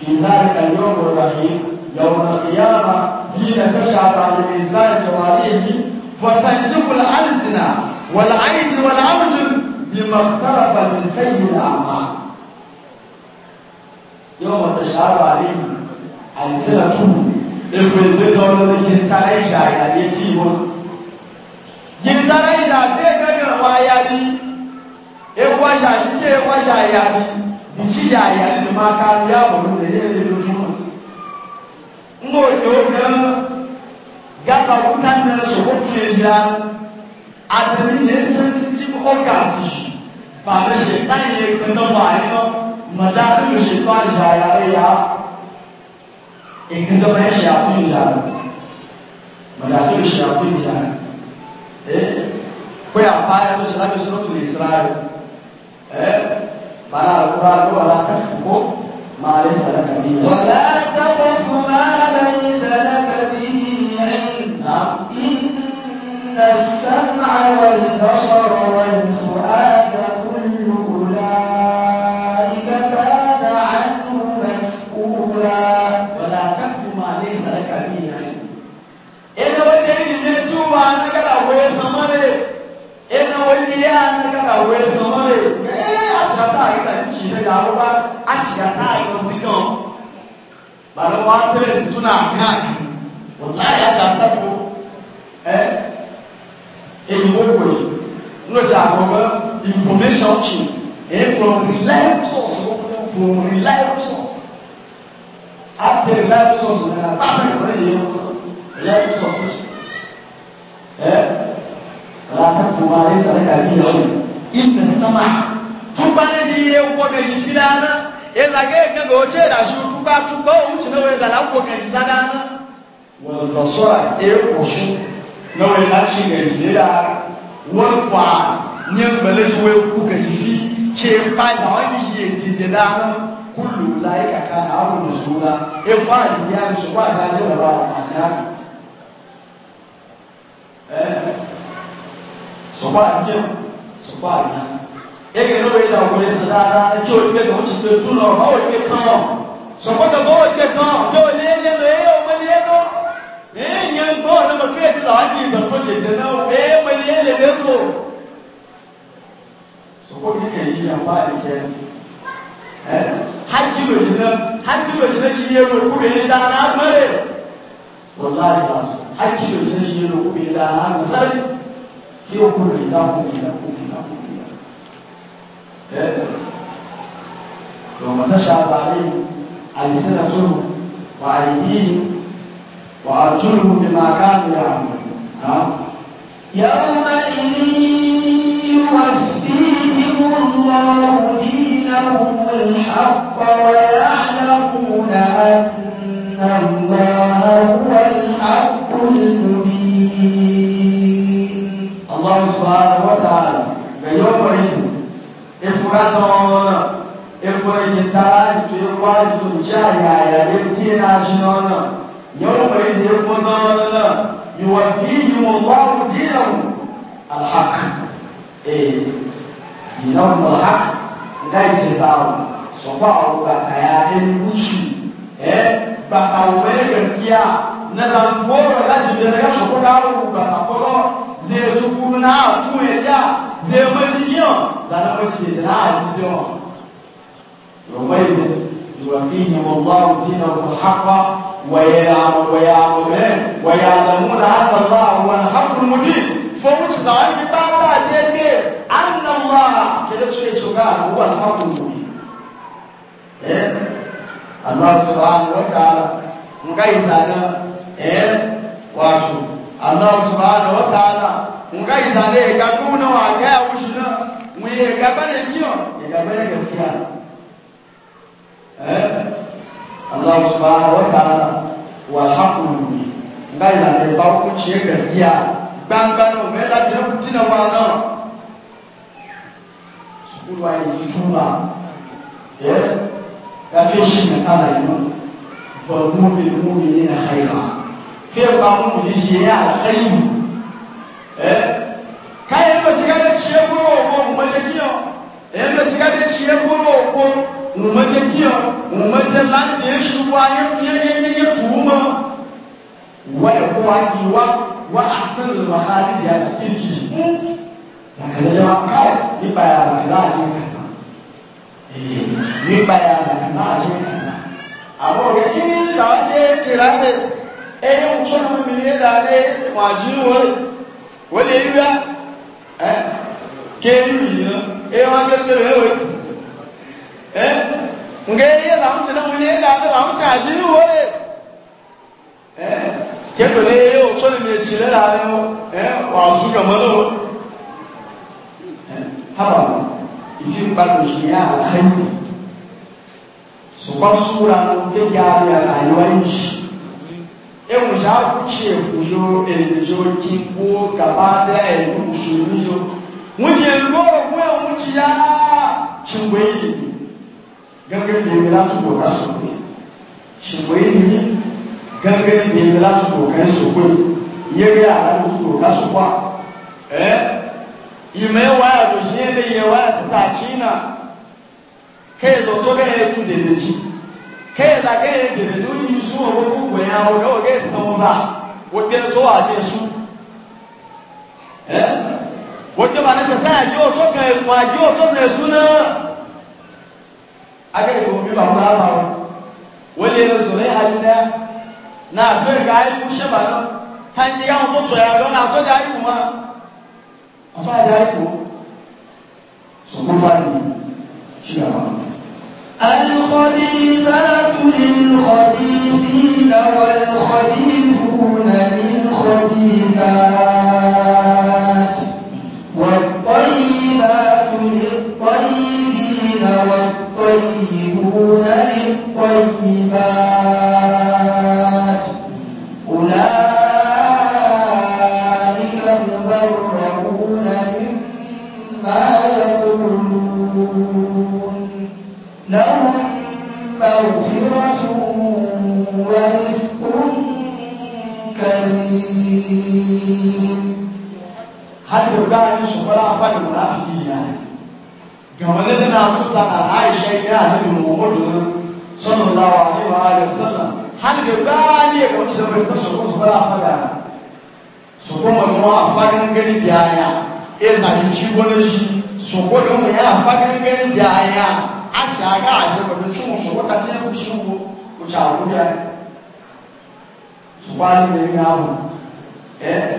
kì í láti ka yóò wọ̀ wáyé yọ̀wọ̀ ìyáàmà yìí nà fẹ́ ṣàbà àlèmí ìsáyẹ̀ jọ̀wọ̀ ayé yìí fọ̀tàn jíkùn àìsìnà wọ̀lá àìsìn wọ̀lá àwùjọ bí mọ̀tàrà bàbí sẹ́yìn àmà yọ̀wọ̀ tẹ̀ṣàbà àlèmí àìsìnà túnú ebèrè lọ́rọ́ ní yìí tara ìjà àyàyé tí wọn. yìí tara ìjà àti ẹgbẹ́gbẹ́ wọn ayá ní ewu àjà àti ewu àjà àyà ní ìjìyà àyà ní máa ka ní àbọ̀rù lẹ́yìn ẹni lójúmọ́. ń bò ní o gan gàtà òkúta ní ẹ̀sọ́ tí ẹ yá àtẹ̀lé ní sensitive organs yìí bàbá ṣe táyé ẹgbẹ́ náà wà ní ọ mọ̀dá tó lè ṣe tó àjà àyà rẹ̀ yá. ìgbìndọ́mọ ẹ̀ ṣe àkúnyù dànù mọ̀dàkúrò ṣe àkúnyù dànù pé àpáyà tó ṣe lábẹ́ sọ́dọ̀ lè sra rẹ̀ bàrà àkúrà ló wà látàkùn kó máa lè sàlẹ̀ kàbí yẹn. wàlá tẹ́wọ́ fún máa lẹ́yìn sàlẹ̀ kàbí yẹn. إن السمع والبصر والفؤاد mọ́lẹ̀ ẹnu onílé ànágàgà wọ ẹsẹ̀ mọ́lẹ̀ ẹ́ àṣàtà àyíká ìjì rẹ̀ àrùbá àṣàtà àyíká sí náà bàbá wa tẹ́lẹ̀ sí tún náà mìíràn kì wọ́n láyé àṣàtà tó ẹ́ èyí wọ́n wọ̀ yìí lójà àkọ́kọ́ information chain ẹ̀ eh, from reliable source from reliable source àti reliable source náà bá a fẹ́ reliable source ẹ̀. Eh? E la ta kuma ne sare da bi yau inna sama tuba ne ji ne ko ga ji dilana e la ga ga go ce da shu tuba tuba o ci ne we da la ko ka ji sadana wal basara e ko shu na we la ci ga ji da wal fa ne bale ji we ku ga ji ce pa da wani ji ji dilana kullu laika e kana amru sura e fa ya sura da ji da ba na sokwa nje sokwa na yake no ida ko isa da da ki o ke no chi pe tu no ma o ke to sokwa da go ke to jo le le no e o ma le no e nyen ko na ma ke ti la ji za ko che che na o e ma le le le ko sokwa ni ke ji ya ba ni ke eh hajji lo ji na hajji lo ji na ji ye ro ku be ni da na ma le wallahi ba hajji lo ji na kí ó kúrò ní dákúrò ní تشعر ní dákúrò ní dákúrò. يوم عليهم ألسنتهم وأيديهم وأرجلهم بما كانوا يعملون نعم. يومئذ يوفيهم الله دينهم الحق ويعلمون أن الله هو الحق المبين الله سبحانه وتعالى يوم ريب إفراد وانا إفراد يتعالى تقوال تجاري على يبتين عشنانا يوم ريب إفراد يوفيهم الله دينهم الحق إيه دينهم الحق لا يجزاهم صباح وكتيان وشي إيه بقى وين gaskiya na zango da lajibi daga shukuna ba a kwallo zai zuku na tun ya ja zai maji yin zana maji ya jira a yi biyan rumai da yuwafihi wallahu dina ku haƙa wa ya zamu na haka za a wani haƙun mudi fo wuce za a yi ba za a je ne an nan ba ke da ce shuka a wani haƙun mudi eh Allah subhanahu wa ta'ala ngai zana eh wato Allah subhanahu wa ta'ala nga izale ga kuna wa ga ya wushina mu ye ga bane kiyo ya ga bane gaskiya eh Allah subhanahu wa ta'ala wa haqqun nga izale ba ku ci gaskiya gbangban me la je ku tina wa na sukuru wa yi juma eh ga fi shi ne ala yi ba mu bi mu ne na khaira fɛn ba mu ni yie yɛ alayi mu ɛ kaya ɛmɛ tiga de tiɛ kuro o ko ŋun ma de kiyɔ ɛmɛ tiga de tiɛ kuro o ko ŋun ma de kiyɔ ŋun ma de lan de su wa yɛ yɛ yɛ yɛ yɛ tuuru ma yi wa wa asan le ma ha de yɛ e yi mu lakana yɛ ma kaw ni ba yɛ lakana a yɛ kasa ee ni ba yɛ lakana a yɛ kasa a b'o kɛ kini la de kira ẹni ń tún mi ní ìdáre wọn àjí wọlé wọlé yíyá ẹ kéwì yìí náà ẹ wọn kéwì rẹ wọlé ẹ nga yíyá làwọn ti náà wọn ní ìdáre làwọn ti àjí wọlé ẹ kéwì rẹ yíyá wọn tún mi ètí rẹ láàrin wọn ẹ wọn àzú kàmọ́ lọ́wọ́ ẹ hábà ìfipánu yìí yá àlàyé sùpàṣúra ló ké yára àyọ̀ ẹ̀yìn eu já puxei o ele jo que o capaz é o churinho um dia logo é um dia chingwei gangue de lá tu boca sobre chingwei gangue de lá tu boca sobre e ele a lá tu boca sobre é e meu é do gênero e eu é da China que doutor é tudo de kai da ga ya ke da yi su wa ko ko ya o ga ga san ba wo ke so a je su eh wo ke ba na se ta je o so ga wa je o so na su na aga ko mi ba ba ba wo le no so ne ha ni na na fe ga yi mu she ba na ta ni ga o so ya ga na so ja yi mu ma o ba ja yi mu so ko ba ni shi ya ba الخبيثات للخبيثين والخبيثون للخبيثات والطيبات للطيبين والطيبون للطيبات hadi gani shukura hapa ni mnafiki yani gamalele na asuta na aisha ya hadi muhammadu sallallahu alaihi wa alihi wasallam hadi gani ya kwa sababu ta shukura shukura hapa ya shukura mu afaka ngani biaya eza yishi gona shi shukura mu ya afaka ngani biaya acha aga acha kwa chumu shukura tena kushungu uchakuja shukura ni ngao eh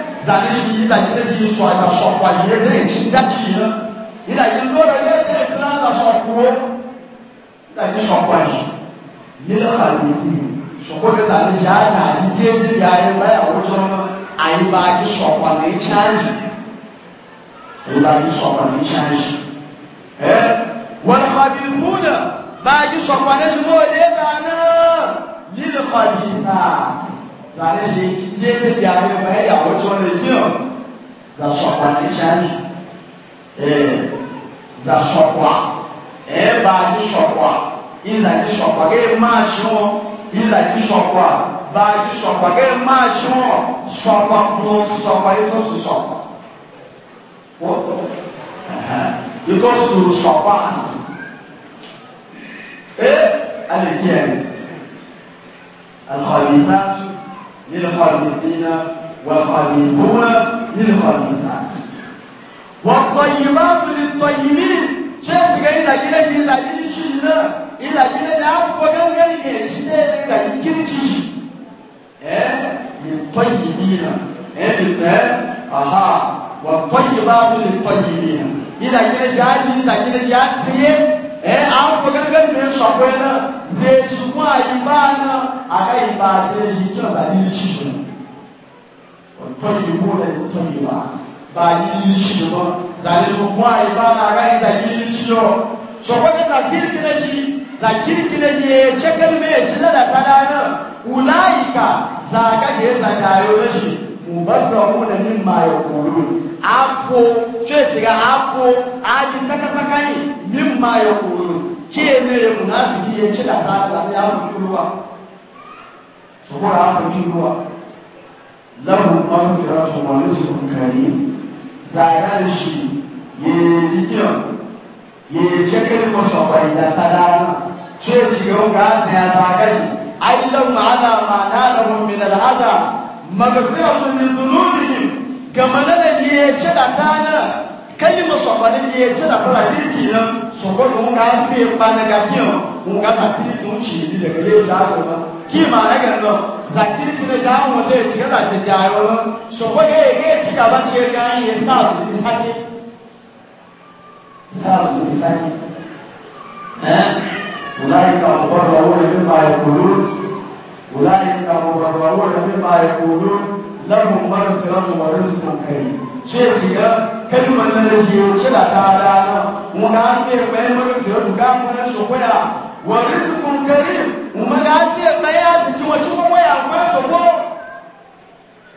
zane shi yi zane da shi so ta so kwa yi da shi da shi na yi da yi lo da yi da shi na da so ko da shi so kwa yi yi da ka yi yi so ko da zane shi ya na yi je ji ya yi ba ya wo so na ayi ba ki so kwa ne change ayi ba ki so kwa ne change eh wal khabiruna ba ki so kwa ne shi mo de da na lil khabirina zane shi tiye ne da ne mai ya wato ne kiyo za shokwa ne shani eh za shokwa eh ba ni shokwa in za ni shokwa ke ma shi won in za ni shokwa ba ni shokwa ke ma shi won shokwa plus shokwa yi to su shokwa foto because to surpass eh alìyẹn alìyẹn. للخالدين والخالدون للخالدات والطيبات للطيبين شيء كان إذا كنا إذا كنا شينا إذا كنا نعرف وكان كان شينا إذا كنا شيء إيه للطيبين إيه أها والطيبات للطيبين إذا كنا جاي إذا كنا جاهل eh an fi gangan ne shakwai na zai ci kuma yi ba na a kai ba zai ji kyau ba ni shi shi kwanton yi mu da kwanton yi ba ba ni shi ba zai ji kuma yi ba na a kai da ni shi yo shakwai na kirki na shi za kirki na shi ya ce kalme ya ci na da fada mubadurahuna mimma yaqulun afo fetiga afo adi takataka yi mimma yaqulun kene ye munafiki ye cila ta ta ya ruwa sokora afo ruwa lahu maghfiratu wa rizqun karim zaran shi ye jiya ye chekel ko sobai da tadana ce shiga ga ta ta kai ai lam ala ma nalahum min al-adab magfiratun min dhunubihim gamana da je ce da kana kalima sɔgbɔ ne ye tse la fɔlɔ yi ti yɛ sɔgbɔ nu ka fi ba ne ka fi yɛ nu ka ta kiri nu tsi bi le ke ye ja ko ma ki ma ne kɛ nɔ za kiri ti ne ja ŋo de tigɛ la ti ja yɔ lɔ sɔgbɔ ye ye ti ka ba ti yɛ ka ye sa su bi أولئك مبررون مما يقولون لهم مغفرة ورزق كريم شيء كلمة من الجيو شلا تعالى منافع بين مغفرة كامل شكويا ورزق كريم ومنافع بيات وشكويا وشكويا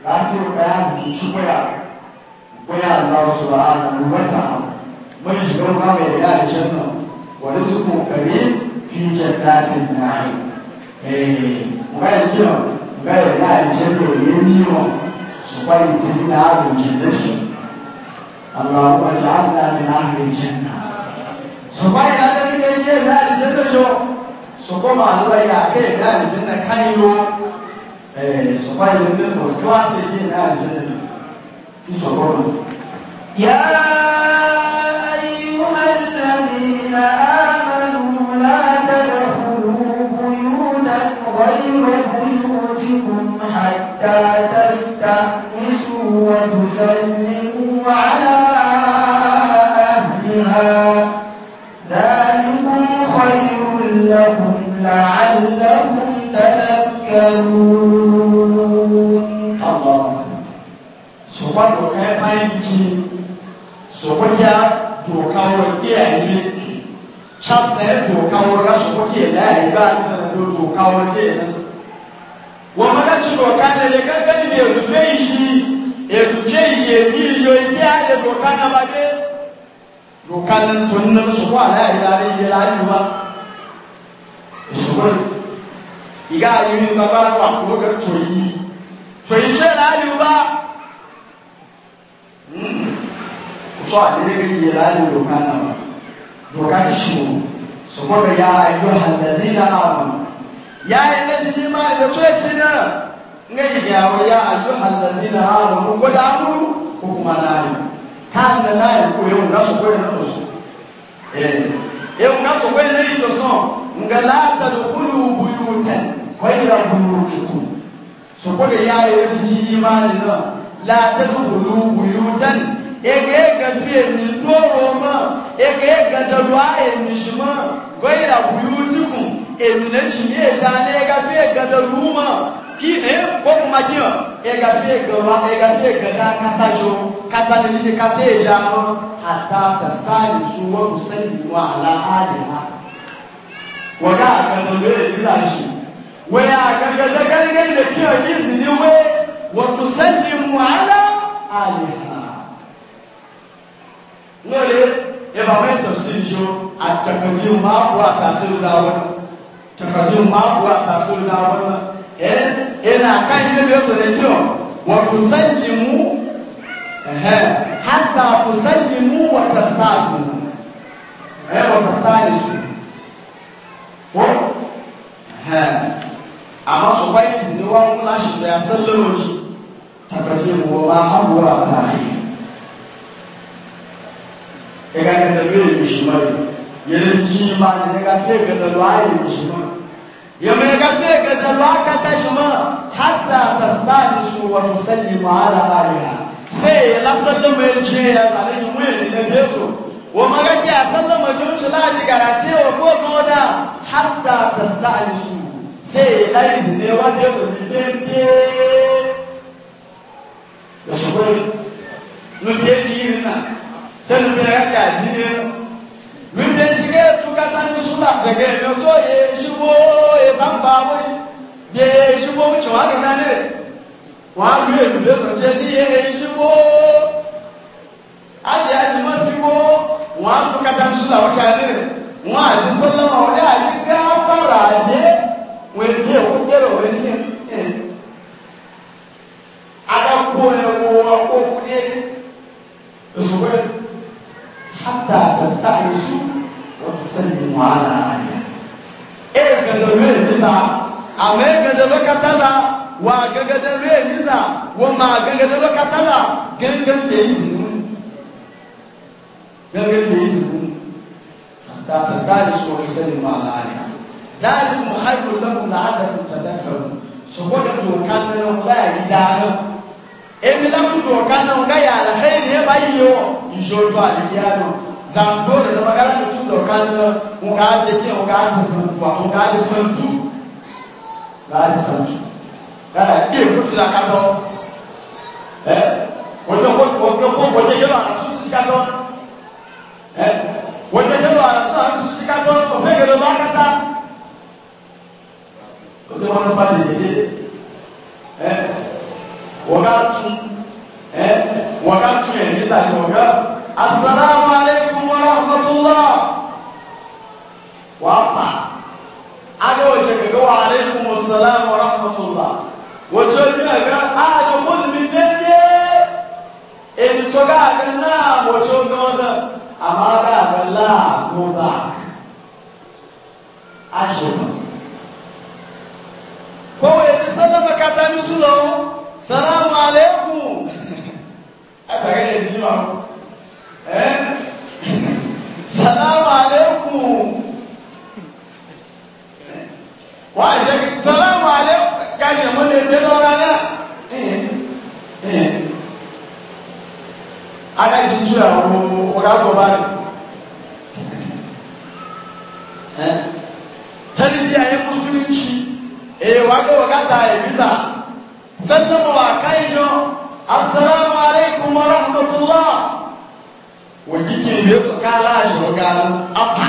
لكن بيات شكويا ويا الله سبحانه وتعالى من يشكر ما بيدعي الجنة ورزق كريم في جنات النعيم nga yi kyerɛ nga yɛ na akyɛ na ɔyɛ nii wɔ sɔkwa yi ti na aro gyina so alawo ɔyɛ asa na aro gyina sɔkwa yi na ɔyɛ na yɛ na akyɛ na so sɔkwa ma alo yɛ aka yɛ na akyɛ na kan yi wɔ ɛɛ sɔkwa yi na first class yɛ na akyɛ na nsɔkwa ma. يا أيها الذين آمنوا حتى تستأنسوا وتسلموا على أهلها ذلكم خير لكم لعلكم تذكرون الله سبحانه وتعالى سبحانه وتعالى Chapter 2 kawo rashin kuke da ya yi ba da 2 kawo ke nan wọ́n mọ́lá tí wọ́n ká lè lẹ́kẹ́ fẹ́ẹ́ bí èdùfẹ́ yìí èdùfẹ́ yìí èdí iyọ̀ ìdí àyè ló ká náà wáyé ló ká lè tó ní náà sọ́kọ́ àlẹ́ àyè lára iye láyé wa ìṣòro ìgá àyè ní bàbá wa kúrò kẹ́ tó yìí tó yìí ṣe láyé wa tó àlẹ́ iye láyé ló ká náà ló ká ìṣòro sọ́kọ́ bẹ̀ yá ayélujára àtẹ̀lé náà yayin na jiji ma da coci na ngai yawo ya ayyuhal ladina amanu qad amanu ko kuma nari kan da nari ko yau na su ko na su eh yau na su ko na yi to so nga la tadkhulu buyutan ghayra buyutikum so ko da yayin na jiji ma da la tadkhulu buyutan ege ga fiye ni doro ma ege ga dalwa e ni shima ghayra buyutikum enu na jimi eja na ega fi ega da ruma ki e ko ma ji o ega fi ega wa ega fi ega da kata jo kata ni ni kata eja mo ata ta stali su wa musalli wa ala aliha wa ga ka no le ila shi wa ya ka ga da ga ga e da ki o ji zini we wa tusallimu ala aliha ngole eba wetu sinjo atakatiyo mafu atasuru dawo takardun mako a taso na wannan yana kan yi da yau da jiyo wa kusallimu hatta kusallimu wa tasasu eh wa tasasu ko amma su bai tuni wa kula shi ya sallama shi wa ba abuwa ta hanyar ya ganin da bai yeji ma nega tega da lai jima yamega tega da laka ta jima hatta tasbani shu wa tusallimu ala aliha sai la sallama je ya zare ni mun ne da ko wa maga ki a sallama jin shi la ji garate wa ko ko da hatta tasbani shu sai la izne wa da ko ne ne da shi ne ne ji ye tukata ni suna gẹgẹ lọtọ ye ṣubú ìbámbá wí ye ṣubú ìṣòwò àgbẹ̀dá ni rẹ̀ wọ́n á lu èlù lẹ́kọ̀ọ́ jẹ́ ní ye ṣubú àjẹ́ àjùmọ̀ ṣubú wọ́n á tukata ni suna ọ̀ṣà ni rẹ̀ wọ́n á ti sọ́lọ́ ọ̀rẹ́ àti gáfàrà yé wọ́n èdè ẹ̀wọ́n gbẹ̀rẹ̀ ọ̀rẹ́ ní ẹ̀ adakó ẹ̀wọ̀n ọkọ̀ fún yé ìṣòwò hátà àtàtà ìṣubú. وتسلم على أهلها إيه كذبين جزا أما إيه كذبك تلا وكذبين جزا وما كذبك تلا كذب بيزن كذب بيزن حتى تستعجل وتسلم على أهلها ذلك خير لكم لعلكم تذكرون سبحانه وتعالى لا إله إلا هو emilamu tó ọ̀ka náà ọ̀ka yà àlàkẹ́yìn ní ẹ̀ bá yíyọ ìṣòro àlìyá náà zandoro na magana da tun dauka na o da ke unga da santuwa unga da santu na da santu eh ke o da kato eh wajen ko wajen ko wajen yaba na su kato eh o yaba na su kato ko fe ga ba kata ko da wannan ba da yake eh wagatu eh wagatu ne da wagatu assalamu Allah wàá pa adé wò ṣe kékeré wa aleykum salaam wa rahmatulah wò tí o ní ẹgbẹ́ àjọ kó níbi dédé èyí tó ká àgbẹ̀ náà wò tí o gbọ́n náà àmọ́ ká àgbẹ̀ náà ló bá a ṣe mọ̀. kówó èdè sọ́dọ̀ bẹ́ẹ̀ ká tẹ́ mi sọ́dọ̀. iṣu àwọn ọ̀gá tó bá rẹ̀. Tarbiyya ya musulunci, eh wato wakata ya bisa, sannan mawakai yau, Assalamu alaikum wa rahmatullah. Wani ke ne su kala shi wa gara apa,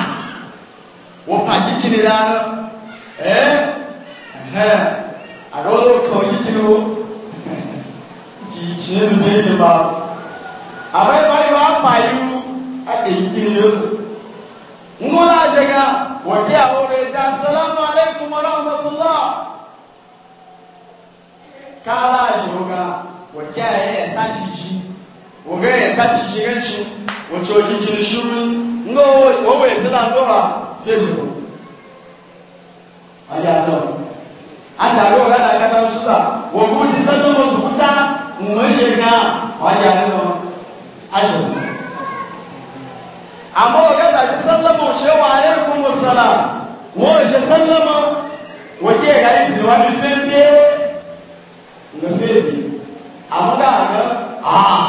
wa faɗi kini rana, eh, a rolo kawai kini wo, ki ce ne ba. Abai ba mayu aka yi kini yanzu muna shiga wajen aure da salamu alaikum wa rahmatullah kala shiga wajen ya ta ci shi wajen ya ta ci shi ganci wace wajen kini shuru nga wawo ya sila ndora fiye shiru a yi adon a tare wa gada kata suza wabu ti sanin wasu kuta mu shiga a yi adon a shiru àmọ́ ọ̀gá tàbí sálámà òṣèré wà ayé fún mùsàlá wọ́n ṣe sálámà wọ́n jẹ́ ẹ̀ka yìí sì wá ní fẹ́ńdé ní fẹ́ẹ̀bì àwọn káàkiri àá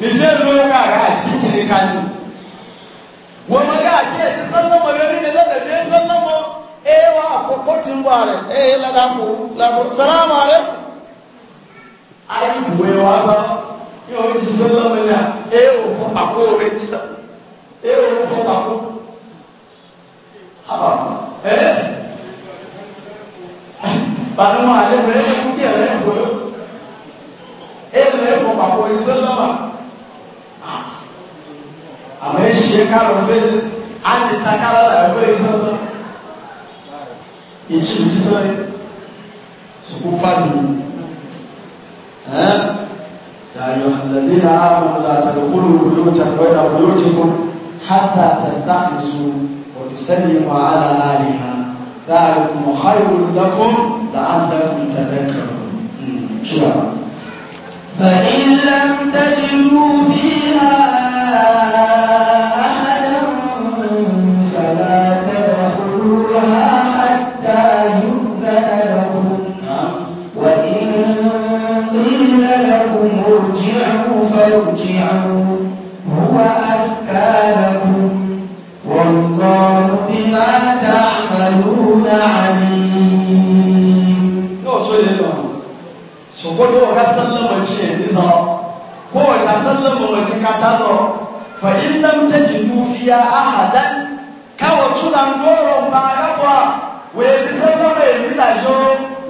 nìṣẹ́ ló ń káàkiri àti ìkiri kájú wọ́n mọ káàkiri ẹ̀sìn sálámà lórí ní lọ́dẹ̀dẹ̀ sálámà ẹ̀ wá àkókò tí ń bọ̀ rẹ̀ ẹ̀ ládàkú làbọ̀ sálámà rẹ̀ ayé ìwé yóò di sẹ́lẹ̀ mẹ́lẹ̀ à ẹ ò fọ́ bàkó rẹ̀ ní sà ẹ ò fọ́ bàkó. ẹ bàtà mọ àlẹ mẹrẹ ẹ kúndé ẹ lẹ́yìn kúrò ẹ lẹ́yìn fọ́ bàkó rẹ̀ ní sẹ́lẹ̀ mà. àmọ́ ẹ ṣe kárọ̀ bẹ́ẹ̀ á lè ta kárọ̀ là ẹ bẹ́ẹ̀ sẹ́lẹ̀ èsì sísẹ́ sọ́kú fáàlì. أيها الذين آمنوا لا تدخلوا بيوتا غير بيوتكم حتى تستأنسوا وتسلموا على أهلها ذلكم خير لكم لعلكم تذكرون. فإن لم تجدوا فيها فارجعوا هو أزكى لكم والله بما تعملون عليم yóò sọ yẹn lọ ṣògbọ́n ló ọ̀rá sálẹ̀mọ̀ jí ẹ̀ nísọ kó ọ̀rá sálẹ̀mọ̀ jí kátà lọ fẹ̀yìn dámtẹ́jì ló fi àhàdá káwọ̀ túnlá ń gbọ́rọ̀ bá yọ̀bọ̀ wèé bí sẹ́gbọ́n rẹ̀ nílàjọ́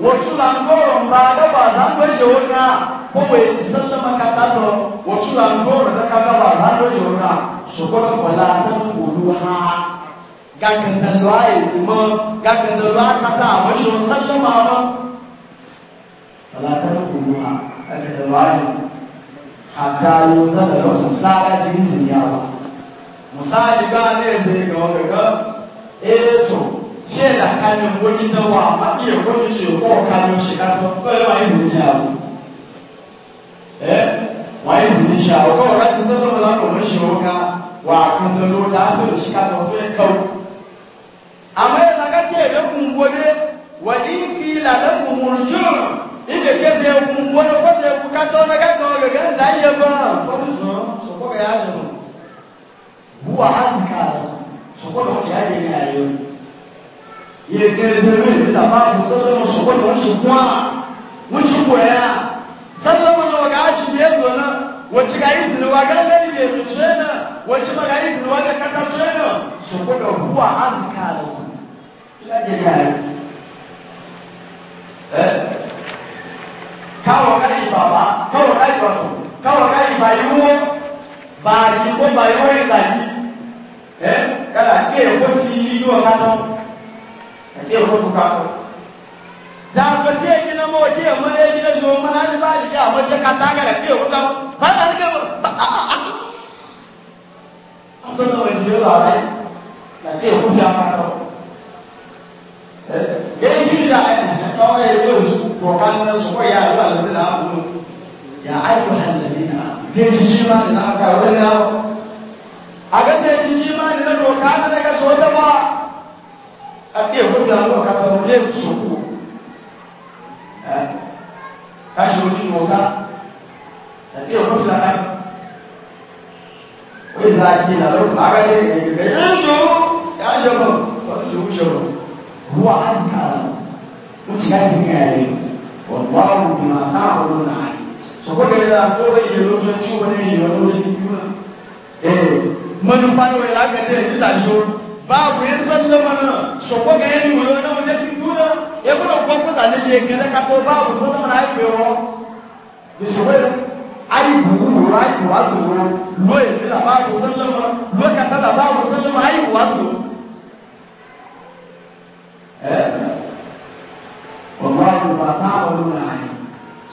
wọ́n túnlá ń gbọ́rọ̀ bá yọ̀bọ̀ àdágbèjì ó náà ko bai sallama ka tato wasu lango da ta kaga ba za ta yi wura su gwada kwala ta kuru ha gakin da ruwa ya kuma gakin da ruwa ka ta wani yau sallama ba kwala ta kuru ha gakin da ruwa ya hatta yau ta da ruwa musara jinsin yawa musali ba ne zai ga wani ga eto fiye da kanin wani dawa ma iya wani shekwa kanin shekatu bai wa yi zuciya wàá yìí ṣe àwòkọ́ ọ̀rá ti sọ́dọ̀ ọ̀la kò ní ṣe wọn wà á ló dá sí òṣì tó fẹ́ kọ́. àmọ́ ẹ̀ lákàtí ẹ̀rẹ́ wọlé wàlí kí ìlànà kún mú jù ìdè kéde kún wọlé fọ́tò ẹ̀kú kátó ọ̀nà kátó gẹ̀gẹ́ ń dáyé bọ́. sọ̀kọ́kẹ́ yà sọ̀rọ̀ bu wàhásì káàdà sọ̀kọ́kẹ́ ọ̀kẹ́ yà yẹ ayé yẹ sallama na waga aji biye zona wace ga yi zini waga gari biye zuce na wace ma ga yi zini waga kata ce na su kuka huwa azka da ku kira ke gari kawo gari baba kawo gari wato kawo gari ba yi wo ba yi ko ba yi wani ba yi eh kala ke ko fi yi wa kato ke ko fuka ko dàgbàtí ẹ̀yin náà mọ̀ ọdí ẹ̀mọ́ ẹ̀yin náà yóò máa ní báyìí kí àwọn jẹ́ kata gàrẹ̀ pé òun náà báyìí ní kẹ́wọ́ asọ́nà òjì ló wà rẹ̀ nàbí èkó fi àpàtọ̀ èyí yìí rà ẹ̀ ọ̀rọ̀ ẹ̀ ló ń sùkọ̀ ká ní sùkọ̀ yà ló àlọ́ ní náà wọ́n yà á yọ hàlẹ̀ ní náà ṣé jíjí máa ní شريك وكا لكن يقول لك وإذا قيل لهم أغني انجوا يا شباب وانجوا شباب هو أزكى مجتهد عليه والله بما تعملون عليم سبحان الله هو يلوم شو بني يلوم eh manufar wai lagade da shi babu ya sallama na so ko ga yayi wani wani da kin duna ebúrò gbọ́pọ̀ tàbí ṣe kẹlẹ́ kakọ báwo sọ́nà ọ̀nà àìpẹ́ wọn ìṣòro àìbù wúlò àìbù àzòwò ló èdè làbáwò sọ́nà wọn ló kàtà làbáwò sọ́nà wọn àìbù àzòwò. ẹ ọ̀gá àgbà táwọn ọ̀nà àyè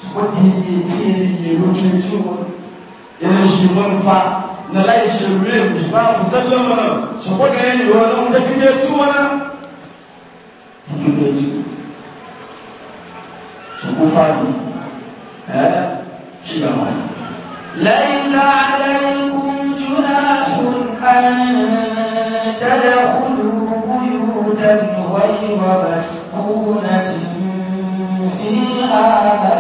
sọ́kọ́ ti ní etí ẹ̀yẹ lójoojú wọn ẹ̀rẹ́ ṣe mọ́ nfa nàlá ìṣèlú èèyàn báwo sọ́nà wọn sọ́kọ́ kẹ́yìn ìwọ̀n náà wọ́n Juventude. Sou culpado. É? Diga mais. ليس عليكم جناح أن تدخلوا بيوتا غير مسكونة فيها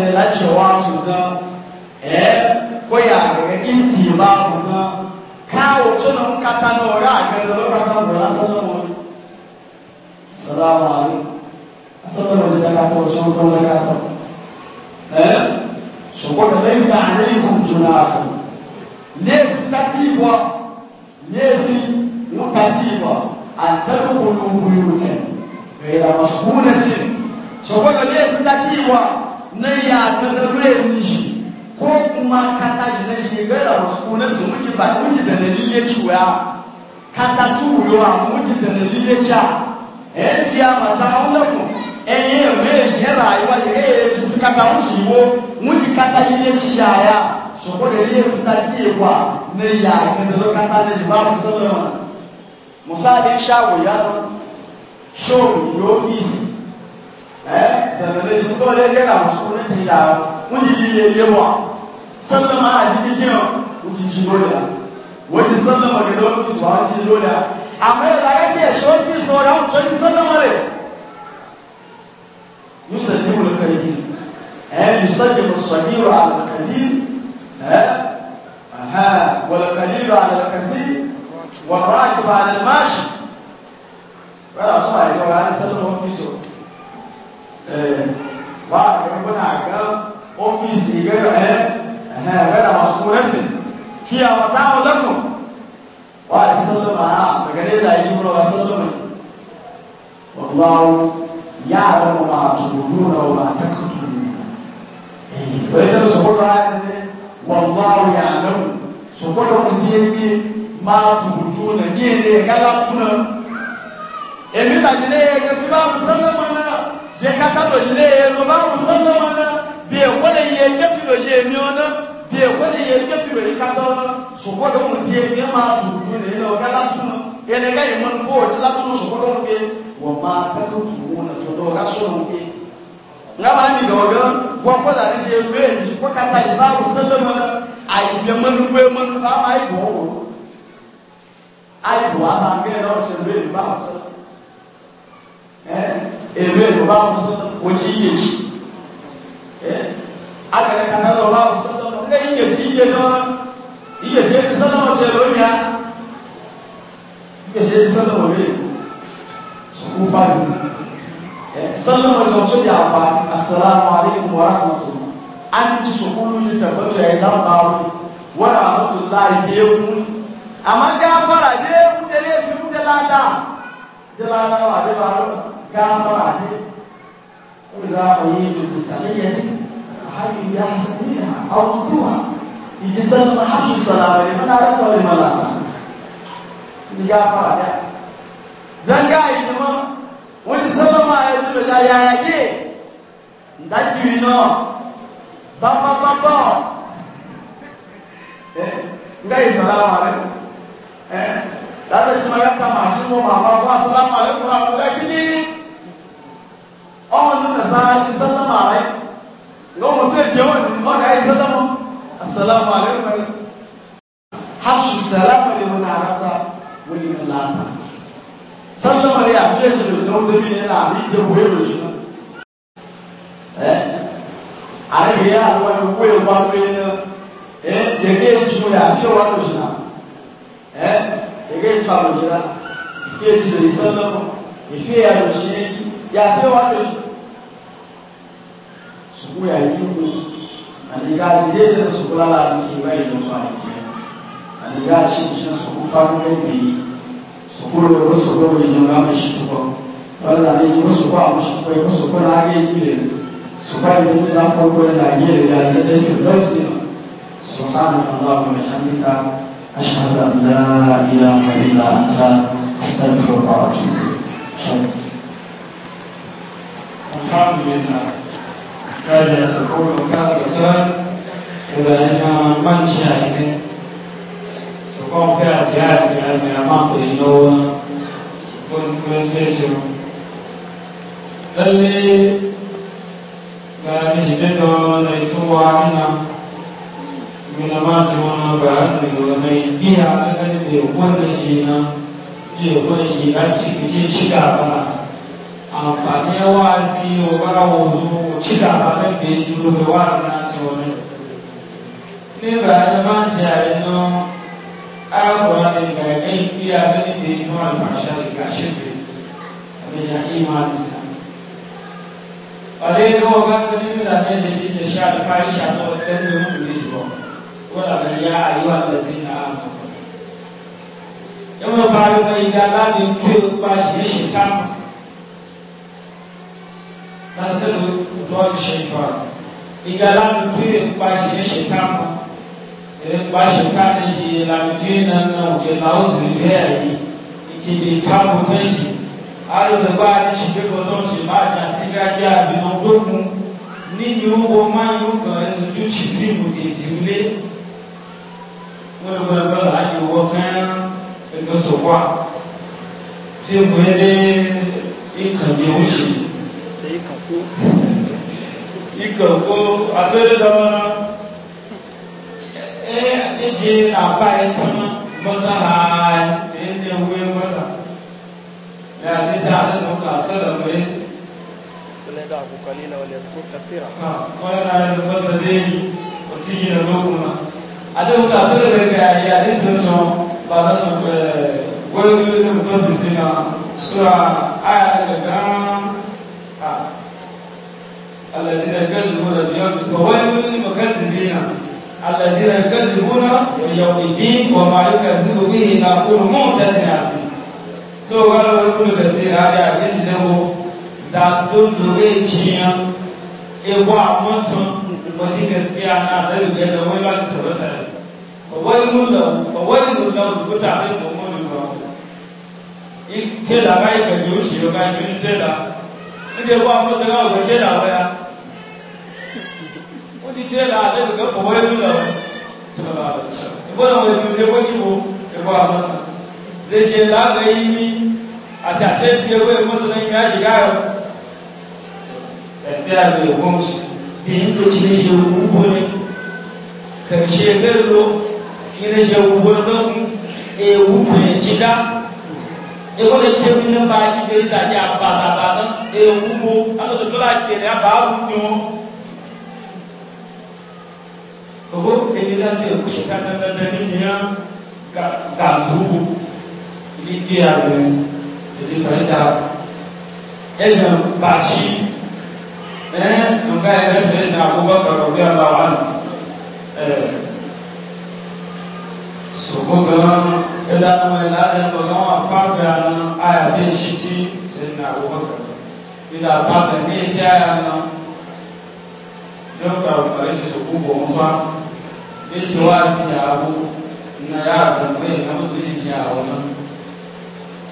da la cewa su ga eh ko ya ga isi ba mu ga kawo tunan kata na ora ga lokacin da la sanar mu salamu alaikum asalamu alaikum da ka ko sun ko ka ko eh so ko da laysa alaikum junahu ne tatiwa ne fi mutatiwa an tadkhulu buyutan ghayra maskunatin so ko da laysa tatiwa na ya kadare ni ko kuma ka tashi na shi ga da wasu na tu muke ba muke da dalili ya ciwa ka ta tuwo wa muke da dalili ya cha eh ya ma ta wala ku eh ye me je rayuwa ye ye tu ka ta mushi wo muke ka ta ile ciya sọ̀kọ́ rẹ̀ ilé ìfúta tí è wà ní ìyà ìpínlẹ̀lọ́kátà lè jù máa sọ́lọ́rọ̀ musa ní ṣàwòyá lọ ṣóòrùn lóòfíìsì daga ne shi dole ya gana su na ce da wani yi ya yi wa sannan ma a jikin yin wuki shi dole wani sannan ma ga dole su wa shi dole amma ya zaga ke shoki sauran shoki sannan ma ne yusa ne wani karfi eh yusa ne musadiru ala kadir aha wala kalilu ala kadir wa rakib ala mashi wala sa ya ga wani sannan ma fi so wà á gbé ńgbọ́n àgán ọ́fíìsì ìgbẹ́rọ ẹ ẹ̀rọ àwọn ẹ̀sìn kí àwọn táwọn lẹ́kùn wà á ti sọ́dọ̀ màá àgbẹ̀gẹ́lẹ́ ìlà ìṣúná wa sọ́dọ̀ mi. والله يعلم ما تقولون وما تكتمون ولكن سبحانه والله يعلم سبحانه جيبي ما تقولون جيبي غلطنا èmi tàbí lé ẹgbẹ́ tí bá ń sọ́nà mọ́ náà bia kata do jile ye no ba mu sɔnna ma na bia e wale ye ne fi do je mi ona bia e wale ye ne fi do ye kata ona sɔkɔ do mu die ne ma tu du ne na o ka la tu na ye ne ka ye mɔni ko o ti la tu sɔkɔ do mu bie wɔ ma ta ko tu mu na tɔ do o ka sɔn mu bie nga maa Eh, ebe ko ba musu waje yi ci eh, aka ga kana da ba musu da ga yi ci yi da iya ce ta sanar wace ronya iya ce ta sanar wace su ku ba ni sanar wace wace da ba assalamu alaikum wa rahmatullahi an ci su kullu tabbata ya zama wa rahmatullahi ya kullu àmọ́ jẹ́ afárá dé kúndélé fi kúndélá dá dé bá lọ́wọ́ àdébà lọ́wọ́ gafara ne ko za a yi rubuta ne ya ce a hajji ya hasani na aukuwa iji sanin hajji salama ne mana rata wani mana ni gafara ne zan ga a yi jima wani salama ya zuba da ya yage ndaji yi no bamba nga yi salama ne eh da ta ma ya kama shi mu ma ba ba salama ne kuma kuma kini ọmọ ní nàzá ìsọ́lámà rẹ̀ yóò mú fẹ́ jẹ́ òní ọ̀nà ìsọ́lámà asàlámù alẹ́kùnrin hapṣù sàlámù lè wọn àràtà wọn ní láta sàlámù rẹ̀ àti ẹ̀jẹ̀ lè tó ń débi yẹn náà àbí ìjẹ́ wọ́n èrò ṣùgbọ́n ẹ̀ àrẹ̀gbẹ̀ yà àwọn ìwé ìwà pé ẹ̀ gẹ̀gẹ́ ìjù rẹ̀ àti ìwà lò ṣùgbọ́n ẹ̀ gẹ̀gẹ́ ìjù àlòṣìlá ìfẹ́ ìjù rẹ̀ ìsọ́lámù ìfẹ́ àlòṣìlá ya fi wa da shi su kuya yi ku a diga da da su kula da muke bai da kwanaki a diga shi shi su ku faru kai da yi su kula da wasu gobe yin ramar shi ba wanda ne yi wasu ba mu shi bai wasu kuna hage yi da su kai da mutu na farko da lagiyar da ya da shi da su سبحانك اللهم وبحمدك أشهد أن لا إله إلا أنت أستغفرك وأتوب إليك الحمد لله كاد يسكون كاسا إذا إنها من شاهد سكون فيها جهات من الماضي نور كن كن تيشو اللي كان يشددون يتوى هنا من ما تونا بعد من بها الذي يكون شينا يكون شيئا شيئا شيئا amfani ya wazi wa bara wuzu ci da ba na bai duro da wazi na tsoro ne ba da ban jari no agwa ne ga aiki ya bani da yi tuwa masha da gashi ne a bai ja imani sa wale ne wa ban gani ne da ne da shi da sha da fari sha da wata ne mun ne shi ba wala da ya ayyuka da zina amma yamma faru mai da labin kyau shi shi kama ننزل ضعف الشيطان إذا لم تكن باشي الشيطان باشي كان شيء لم تكن أنه جلاوز بالبيعي إتبي كابو تشي على البعض شبه وطنش بعد سيكا جاء بمنظوم níyì owó máa yóò kàn ẹ́ sojú ṣìdìmù dèjì lé gbọ́dọ̀gbọ́dọ̀ láyé owó kan ẹgbẹ́ sọ̀kọ́ à tí mo yẹ dé ìkànnì oṣù ikànkó ikànkó àtẹ́lẹ́dọ́mọ́ná ẹ àjẹjẹ àbá ẹ tọ́nà mọ́sá ààyè ẹ̀ẹ́dẹ̀ wé mọ́sá ẹ àdéṣe àdéṣe mọ́sá sọ́dọ̀ pé. kúlẹ̀ dà kú kọ́lé náà lè kó kàfíra. kọ́lé náà lè kó tẹ̀lé òtí yìí lọ lókun náà àdéṣe mọ́sá sọ́dọ̀ pé kàyé àdéṣe sọ bàbá sọ pé wọ́n yóò lé ní kó tẹ̀lé náà sọ àyà lè gbà án. الذين يكذبون بيوم فويل للمكذبين الذين يكذبون بيوم الدين وما يكذب به الا كل معتد عظيم so wala wala kun ka se ada ya se wo za to do re chiya e wa mo tun mo ti ka se ana da le da wa la to ta ko wa mu la ko wa inda ya ba mu ta gawa gwaje da waya wani je da da ga kowa ya nuna sallallahu alaihi wasallam ibona wani je wani mu ya ba masa zai ce da ga yi ni a tace je wai mutum ya shiga ya tafiya da gwamnati bi hindu cikin shi ne karshe bello shi ne shi rubutu ewu mai cika ekɔlɔ tse mi ne ba yi de eza di abasa ba na eye wugo alo to la tse ne aba awu nyo ogo eyi la te kusi ka ne ne ne ne ya ga ga zuwo eyi di awɛ eyi fɛ da eyi baasi ɛɛ nga yɛrɛ sɛ na agogo kɔrɔ bi a la wa ɛɛ soko gan ɛda no ɛda ɛbɔ gan wa fabia no a yɛde nhyiti sɛn na wɔ hɔ ɛda fabia ne yɛte aya no dɔkta ɔkpari de soko bɔ mpa ɛti hɔ asi abo na yɛ ato mo yɛ na mo de ti awo no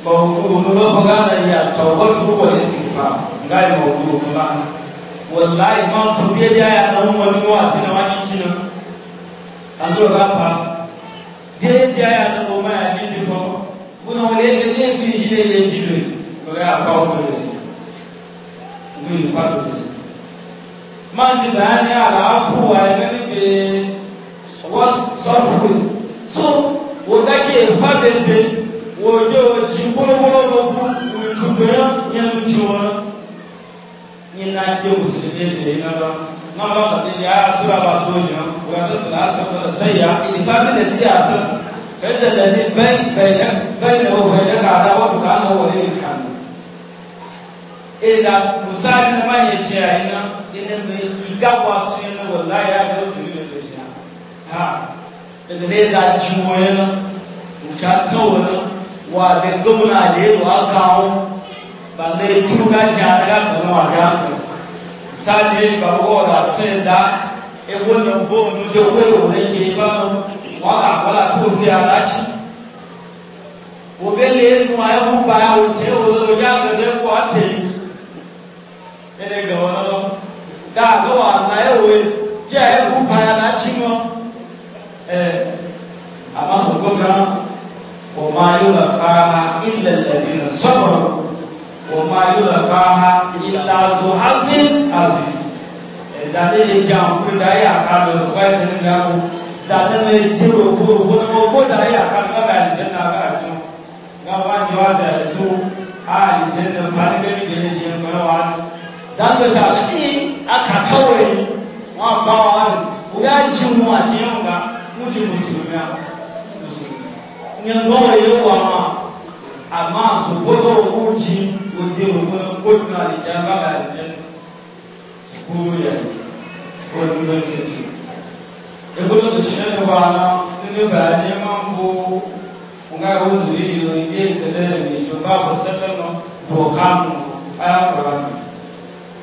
bɔn o no bɛ fɔ gana yi atɔ wɔtu wɔ esi fa nga yi wɔ do o ma wɔlayi mɔntu bi ɛdi aya na wɔn wɔn ni wɔn asi na wɔn anyi ti na azɔ o pa déédéé ayé àtàwọn ọmọ yà ní ju kọ́ wọn wọn lé ní ẹbí ìjìlẹ̀ ilé ìjìlẹ̀ ọ̀rẹ́ àpá ọ̀dọ̀ rẹ̀ sí ìlú ìfà tó rẹ̀ sí. máa ti bàá ní àlàáfù àìmẹ́ níbi sọ́ọ̀fù tó wò dákẹ́ ìfà tẹ̀sẹ̀ wò jọ jí gbólógbóló lọ fún ìjùgbẹ́ yẹn nan ba da ya sura ba to shi nan wa da salasa da sayya in ka da da ya san kaza da ni bai bai bai da wa na wa ne ka ila musali na manye ce ya ina ina mai igawa su yana wallahi ya ga su ne da shi ha da ne da tuka jihar da kamar misali bawo la tẹnza ewo na bo nu de wo yo le ye wọn la wọla tó fi ara tsi òbẹ lé nu ayélu ba o tẹ o lọ ya lọ lé lọ gaa ló wà ná ẹ wòye jẹ ayélu ba ya la kan ọmọ ayélu la ka ilẹ̀ lẹ́yìn sọgbọn. وما يلقاها إلا ذو حظ عظيم zane le dza ŋku da ye aka do sɔgbɔ yi tɛnɛ da ko zane le de o bo o bo o bo da ye tó nga wa nyɛ wa tó a yi tɛnɛ ba ne bɛ mi de le ziɛ ŋmɛ wa zan do sa le ee aka tɔ wo wa ba wa le o y'a dzi mu a diɛ o nga o ti ko den o ma ko tun alijan ba ka alijan ko yɛ ko tun bɛ tutu e bolo tun sɛ ne b'a la ne bɛ bɛn a ne ma ko n ka o zuri yi o ye kɛlɛ yɛrɛ ye ba ko sɛbɛn nɔ bɔ k'a mɔ a y'a fara mi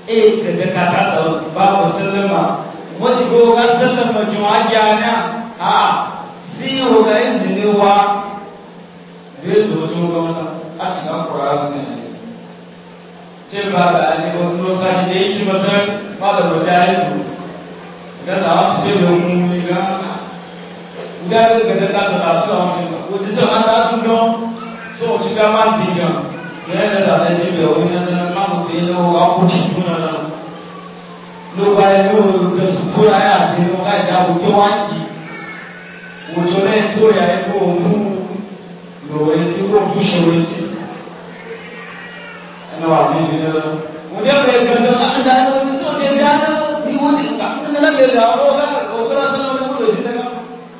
e ye kɛlɛ k'a ka ta ba ko sɛbɛn ma wọ́n ti gbogbo ká sẹ́lẹ̀ mọ̀jọ́ ajá náà a sí ìwòrán ìsìn ní wa bí ètò ojú ọgbọ́n náà láti náà kọ̀ọ̀rọ̀ àwọn ènìyàn cin ba e e, e, da an yi wani sashi da yake masar ba da wata yayi ku da za a fi da mu ni ga guda da ga da ta ta su a cikin ko da sai an ta tun don so ci ga man bi ga ya da da da ji da wani nan ma mu ke da wa ku ci tuna na lo ba ya lo da su ko ya da no ga da ku to an ki wo to ne to ya ko mu lo ya ti ko ku shi wo ti na wa ni ni na mo de be ga na a da to te da na ni wo ni ka na na le da o ga o ga na na mo lo si na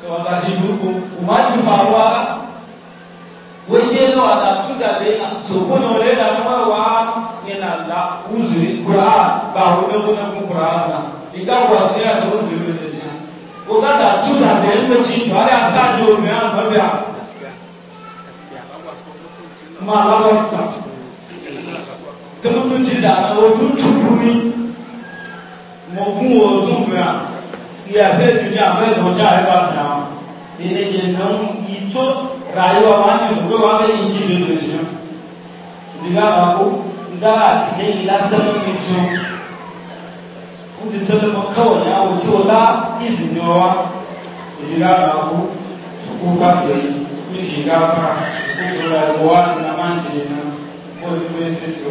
so wa da ji bu ko o ma ji ma wa wo de no wa da tu za be na so ko no le da ma wa ni na la uzuri qur'an ba ho de ko na qur'an na ìdáwọ̀ sí ẹ̀rọ òṣèré lè ṣe kò dáadáa tún aṣáájú omi àgbẹ̀bẹ̀ à. máa lọ́wọ́ ìtàkùn tẹmọtò ti dànù ojú tuntun mi mo gún òògùn mi à yẹ abẹ́ ìdúdí àmọ́ ẹ̀dùn ọjà rẹ̀ bá tẹ̀ àwọn ilé ṣe náà ìtó ràyọ̀ wá ní ìfúgbẹ́ wá bẹ́ẹ̀ yìí jìnnà lè ṣe ìdílé àwọn akó ndára àtìlẹyìn lásán mi tún ó ti sẹ́nu mọ́ káwọn ní àwọn tó lá ìsìn wa ìdílé àwọn akó kó bá pè ní ìṣègá fara kó kó ra ìwọ́ àti nàmáǹtì náà ó ní pé ṣe tó.